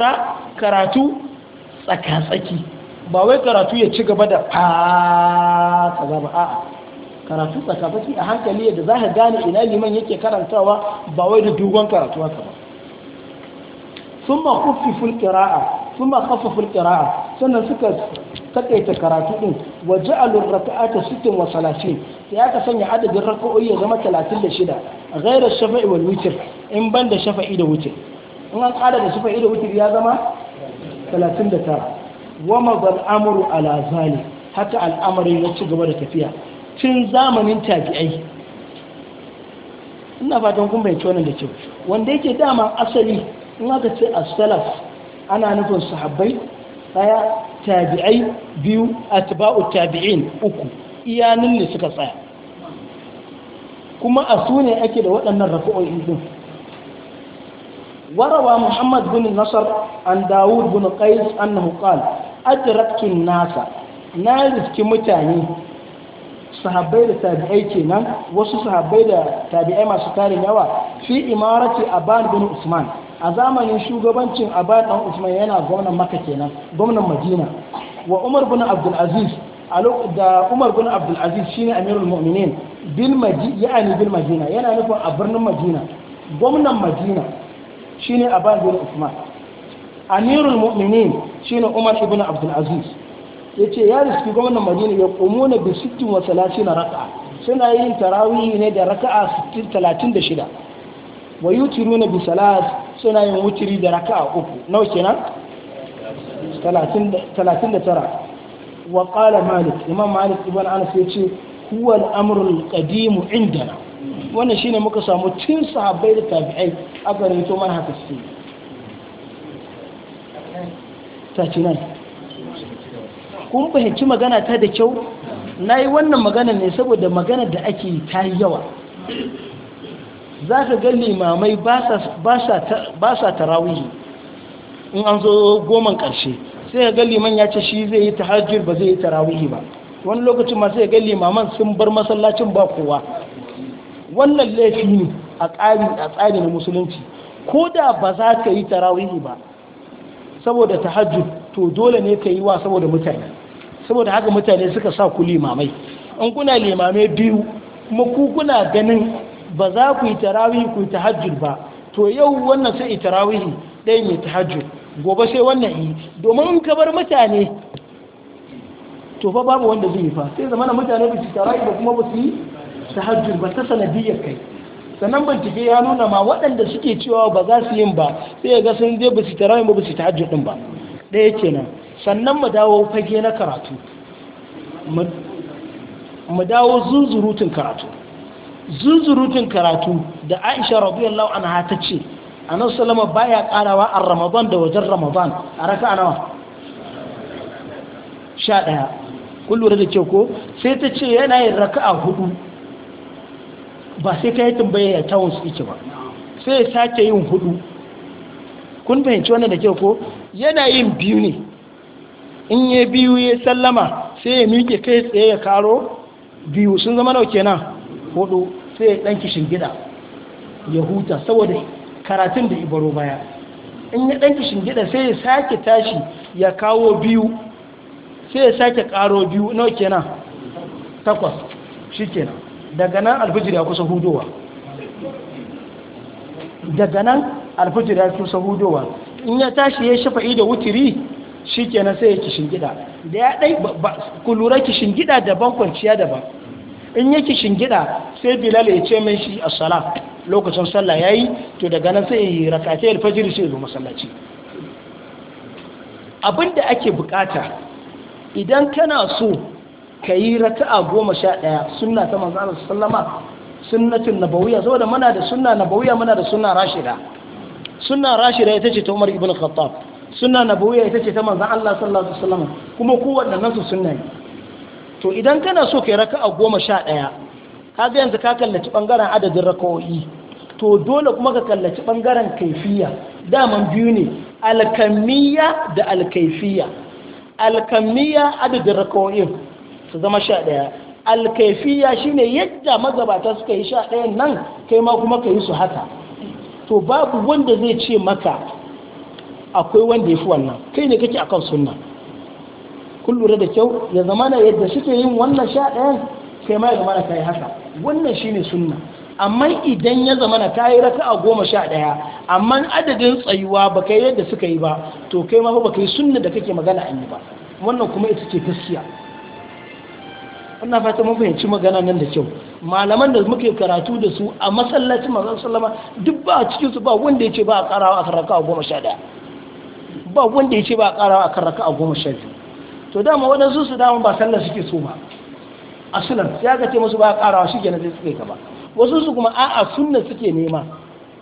را كراتو تسكاتسكي ba wai karatu ya ci gaba da fa kaza ba a'a karatu tsakabaki a hankali yadda za ka gane ina liman yake karantawa ba wai da dogon karatu haka ba sun ma kuffiful qira'a sun ma khaffaful qira'a sannan suka takaita karatu din wa ja'alur raka'ata 36 ya ka sanya adadin raka'o'i ya zama talatin da shida. A ghairu shafa'i wal witr in ban da shafa'i da witr in an kada da shafa'i da witr ya zama talatin da 39 wama bal amru ala zali hata al'amarin ya ci gaba da tafiya tun zamanin tabi'ai ina fatan kun bai wannan da kyau wanda yake dama asali in aka ce a salaf ana nufin sahabbai daya tabi'ai biyu atba'u tabi'in uku iyanin ne suka tsaya kuma a su ne ake da waɗannan rafi'o'in din وروى muhammad bin nasar an داود بن قيس أنه قال adraktun nasa na riski mutane sahabbai da tabi'ai kenan wasu sahabbai da tabi'ai masu tarin yawa fi imarati aban bin usman a zamanin shugabancin aban dan usman yana gwamnan maka kenan gwamnan madina wa umar bin abdul aziz da umar bin abdul aziz shine amirul mu'minin bil madina yani bil madina yana nufin a birnin madina gwamnan madina shine aban bin usman amirul mu'minin shine Umar ibn Abdul Aziz yace ya riski gwamnan Madina ya qumuna bi 36 raka'a suna yin tarawih ne da raka'a 36 wa yutiruna bi salat suna yin wutiri da raka'a uku nawa kenan 39 wa qala Malik Imam Malik ibn Anas yace huwa al-amru al-qadim indana wannan shine muka samu cin sahabbai da tabi'ai aka rinto mana haka su sace nan kun fahimci magana ta da kyau na yi wannan magana ne saboda magana da ake ta yawa za ka ga limamai ba sa tarawihi in an zo goman ƙarshe sai ka ga liman ya ce shi zai yi tahajjud ba zai yi tarawihi ba wani lokacin masu sai ga limaman sun bar masallacin ba kowa wannan laifi ne a tsari na musulunci ko da ba za ka yi tarawihi ba saboda tahajjud to dole ne ka yi wa saboda mutane saboda haka mutane suka sa ku limamai in kuna limamai biyu kuma ku kuna ganin ba za ku yi tarawih ku yi tahajjud ba to yau wannan sai tarawih ɗaya mai tahajjud gobe sai wannan yi domin in ka bar mutane to fa babu wanda zai yi fa sai zamana mutane ba su tarawih ba kuma ba su yi tahajjud ba ta sanadiyar kai sannan bincike ya nuna ma waɗanda suke cewa ba za su yin ba sai ga sun je ba su tarawih ba ba su tahajjudin ba ɗaya kenan sannan mu dawo fage na karatu mu dawo zunzurutun karatu zunzurutun karatu da Aisha radiyallahu anha ta ce a salama ba baya karawa a Ramadan da wajen Ramadan a raka'a nawa ɗaya. Kullum da ce ko sai ta ce yana yin a hudu ba sai ka yi tambaye ya tawon su ike ba sai ya sake yin hudu kun fahimci wannan da kyau ko yana yin biyu ne in ya biyu ya sallama sai ya miƙe kai tsaye ya karo biyu sun zama nau kenan hudu sai ya ɗan kishin gida ya huta saboda karatun da ibaro baya in ya ɗan kishin gida sai ya sake tashi ya kawo biyu sai ya sake karo biyu nau kenan takwas shi kenan daga nan alfijir ya kusa hudowa daga nan alfijir ya kusa hudowa in ya tashi ya shafa'i da wutiri shi kenan sai ya kishin gida da ya ɗai ku lura kishin gida daban kwanciya daban in ya kishin gida sai bilal ya ce min shi assala lokacin sallah ya yi to daga nan sai ya yi rakatai alfajiri sai ya zo masallaci abin da ake bukata idan kana so ka yi rata'a goma sha ɗaya suna ta manzo Allah sallama sunnatin nabawiyya saboda muna da sunna nabawiyya muna da sunna rashida sunna rashida ita ce ta Umar ibn Khattab sunna nabawiyya ita ce ta manzo Allah sallallahu alaihi wasallam kuma kowanne su sunna ne to idan kana so kai raka'a goma sha ɗaya kaga yanzu ka kallaci bangaren adadin raka'o'i to dole kuma ka kallaci bangaren kaifiya daman biyu ne alkamiyya da alkaifiya alkamiyya adadin raka'o'in su zama sha ɗaya alkaifiya shine yadda magabata suka yi sha ɗayan nan kai ma kuma ka yi su haka to babu wanda zai ce maka akwai wanda ya fi wannan kai ne kake akan sunna kun da kyau ya zama zamana yadda suke yin wannan sha ɗayan kai ma ya zamana ka yi haka wannan shine sunna amma idan ya zamana ka yi raka a goma sha ɗaya amma adadin tsayuwa ba kai yadda suka yi ba to kai ma ba kai sunna da kake magana an yi ba wannan kuma ita ce gaskiya ina fata mun fahimci magana nan da kyau malaman da muke karatu da su a masallacin manzon sallama duk ba a cikin su ba wanda ce ba a karawa akan raka'a goma sha daya ba wanda ce ba a karawa akan raka'a goma sha biyu to dama wadansu su dama ba sallar suke so ba asulan sai aka ce musu ba a karawa shi na sai suke ka ba wasu su kuma a'a sunna suke nema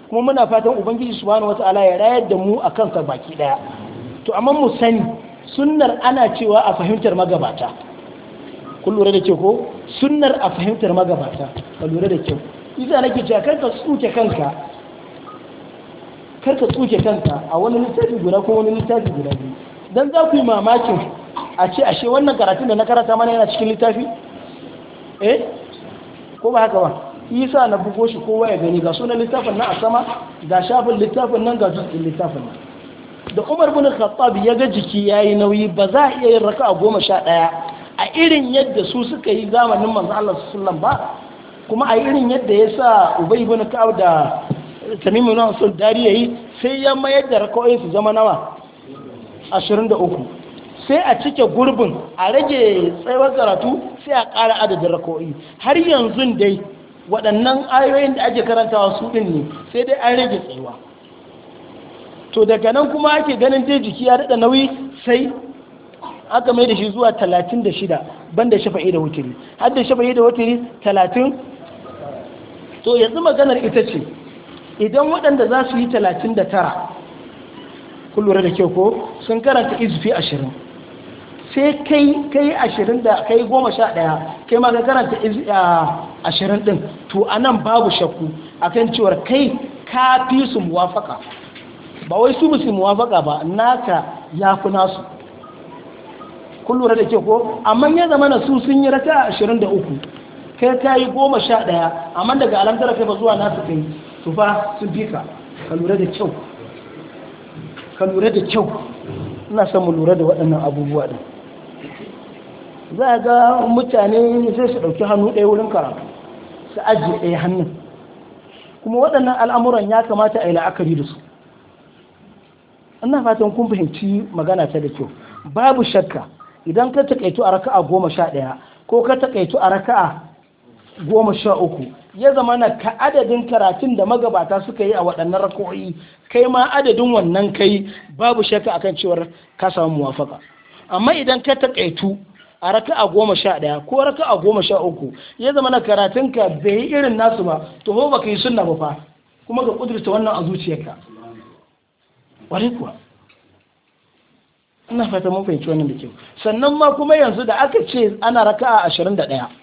kuma muna fatan ubangiji subhanahu wataala ya rayar da mu akan ka baki daya to amma mu sani sunnar ana cewa a fahimtar magabata kun lura da kyau ko sunnar a fahimtar magabata ka lura da kyau isa nake cewa karka tsuke kanka karka tsuke kanka a wani littafi guda ko wani littafi guda biyu dan za ku yi mamakin a ce ashe wannan karatun da na karata mana yana cikin littafi eh ko ba haka ba isa na bugo shi kowa ya gani ga sunan littafin nan a sama ga shafin littafin nan ga dutsen littafin nan da umar bin khattab ya ga jiki yayi nauyi ba za a iya yin raka'a goma sha ɗaya a irin yadda su suka yi zamanin manzo Allah sallallahu ba kuma a irin yadda ya sa Ubay ibn Ka'ab da Tamim ibn Usul dari yayi sai ya mayar da rak'o'i su zama nawa 23 sai a cike gurbin a rage tsayawar karatu sai a ƙara adadin rak'o'i har yanzu dai waɗannan ayoyin da ake karantawa su din ne sai dai an rage tsayawa to daga nan kuma ake ganin dai jiki ya daɗa nauyi sai aka mai da shi zuwa 36 banda shafa'i da wutiri har da shafa'i da wutiri 30 to yanzu maganar ita ce idan waɗanda za su yi 39 kun lura da kyau ko sun karanta izufi 20 sai kai kai 20 da kai 11 kai ma ka karanta ashirin ɗin to a nan babu shakku akan cewar kai ka fi su muwafaka ba wai su musu muwafaka ba naka ya fi nasu kun lura da ke ko amma ya zama na su sun yi raka 23 kai ta yi 11 amma daga alamtar kai ba zuwa nasu kai su fa sun fi ka ka lura da kyau ka lura da kyau ina son mu lura da waɗannan abubuwa din za ga mutane sai su ɗauki hannu ɗaya wurin karatu su ajiye ɗaya hannun kuma waɗannan al'amuran ya kamata a yi la'akari da su ina fatan kun fahimci magana ta da kyau babu shakka idan ka takaitu a raka'a goma sha ɗaya ko ka takaitu a raka'a goma sha uku ya zama na ka adadin karatun da magabata suka yi a waɗannan raka'o'i kai ma adadin wannan kai babu shakka akan cewar ka samu muwafaka amma idan ka takaitu a raka'a goma sha ɗaya ko raka'a goma sha uku ya zama na karatun ka bai yi irin nasu ba to ba ka yi sunna ba fa kuma ka kudurta wannan a zuciyarka ware kuwa ina fata mun fahimci wannan da kyau sannan ma kuma yanzu da aka ce ana raka raka'a 21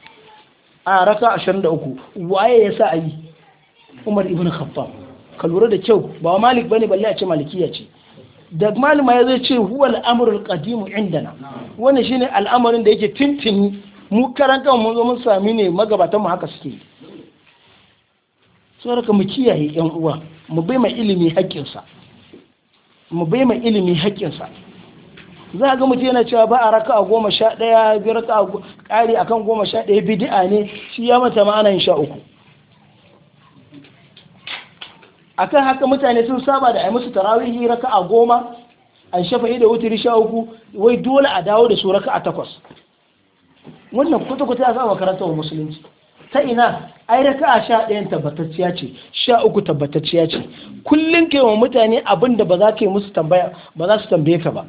a da 23 waye ya sa a yi Umar ibn Khattab ka lura da kyau ba Malik bane balle a ce Malikiya ce da malama ya zai ce huwa al'amurul qadimu indana wani shine al'amarin da yake tintini mu karan kan mun zo mun sami ne magabatan mu haka suke raka mu kiyaye yan uwa mu bai mai ilimi haƙƙinsa mu bai mai ilimi haƙƙinsa za a ga mutum yana cewa ba a raka a goma sha ɗaya bi raka a ƙari goma sha ɗaya bidi'a ne shi ya mata ma'ana in sha uku A kan haka mutane sun saba da a musu tarawihi raka a goma an shafa da wuturi sha uku wai dole a dawo da su raka a takwas wannan kwata-kwata ya sa makarantar wa musulunci ta ina ai raka a sha ɗayan tabbatacciya ce sha uku tabbatacciya ce kullum ke wa mutane abin da ba za ka yi musu tambaya ba za su tambaye ka ba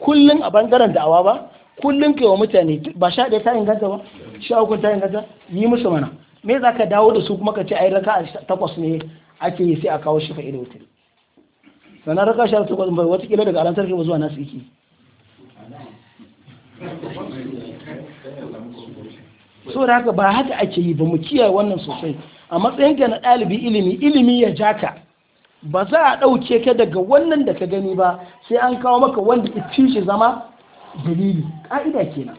kullum a bangaren da'awa ba kullum kai wa mutane ba sha ɗaya ta inganta ba sha uku ta inganta yi musu mana me za ka dawo da su kuma ka ce ai raka a takwas ne ake yi sai a kawo shi fa'ida wutar sannan raka sha takwas bai watakila daga alan sarki ba zuwa nasu iki so da haka ba haka ake yi ba mu kiyaye wannan sosai a matsayin ka na ɗalibi ilimi ilimi ya jaka ka ba za a ɗauke ka daga wannan da ka gani ba sai an kawo maka wanda ya shi zama dalili ƙa'ida kenan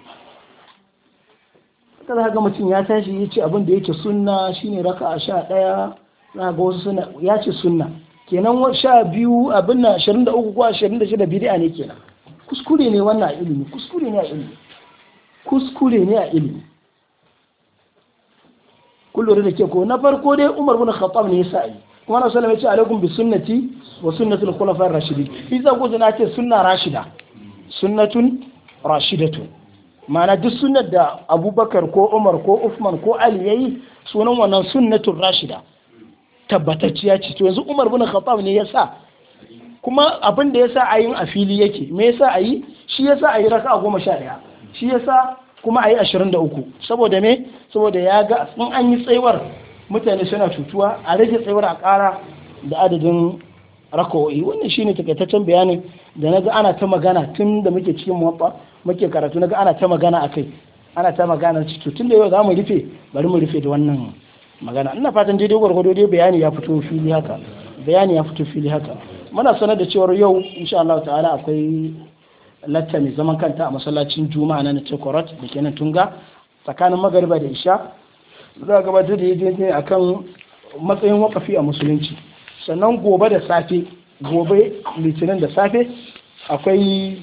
kada haka mutum ya tashi ya ce abin da suna sunna shine raka a sha ɗaya na ga wasu suna ya ce sunna kenan sha biyu abin na ashirin da uku ko ashirin da shida bidi'a ne kenan kuskure ne wannan a ilimi kuskure ne a ilimi kuskure ne a ilimi kullum da ke ko na farko dai umar bin khattab ne ya sa yi kuma na sallama ce alaikum bi sunnati wa sunnatul khulafa'ir Rashidi. Iza gudu na ce sunna rashida sunnatun Rashidatu ma'ana duk sunnar da abubakar ko umar ko usman ko ali yayi sunan wannan sunnatun rashida tabbatacciya ce to yanzu umar bin khattab ne yasa kuma abin da yasa ayin a fili yake me yasa ayi shi yasa ayi raka'a goma sha daya shi yasa kuma ayi ashirin da uku saboda me saboda ya ga in an yi tsayuwar mutane suna cutuwa a rage tsayuwar a ƙara da adadin rakowai wannan shine takaitaccen bayanin da naga ana ta magana tun da muke cikin mawaɓa muke karatu naga ana ta magana akai ana ta magana cikin tun da yau za mu rufe bari mu rufe da wannan magana ina fatan daidai gwargwado dai bayani ya fito fili haka bayani ya fito fili haka muna sanar da cewar yau insha Allah ta'ala akwai latta mai zaman kanta a masallacin juma'a na Chekorot da kenan tunga tsakanin magariba da isha za a gabatar da a akan matsayin wakafi a musulunci sannan gobe da safe gobe litinin da safe akwai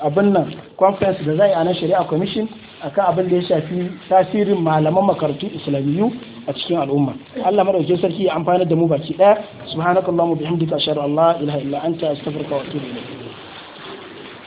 abin nan conference da zai a nan shari'a commission akan abin da ya shafi tasirin malaman makarantu islamiyu a cikin al'umma Allah madauke sarki ya amfana da mu baki daya subhanakallahumma bihamdika ashhadu an la ilaha illa anta astaghfiruka wa atubu ilayk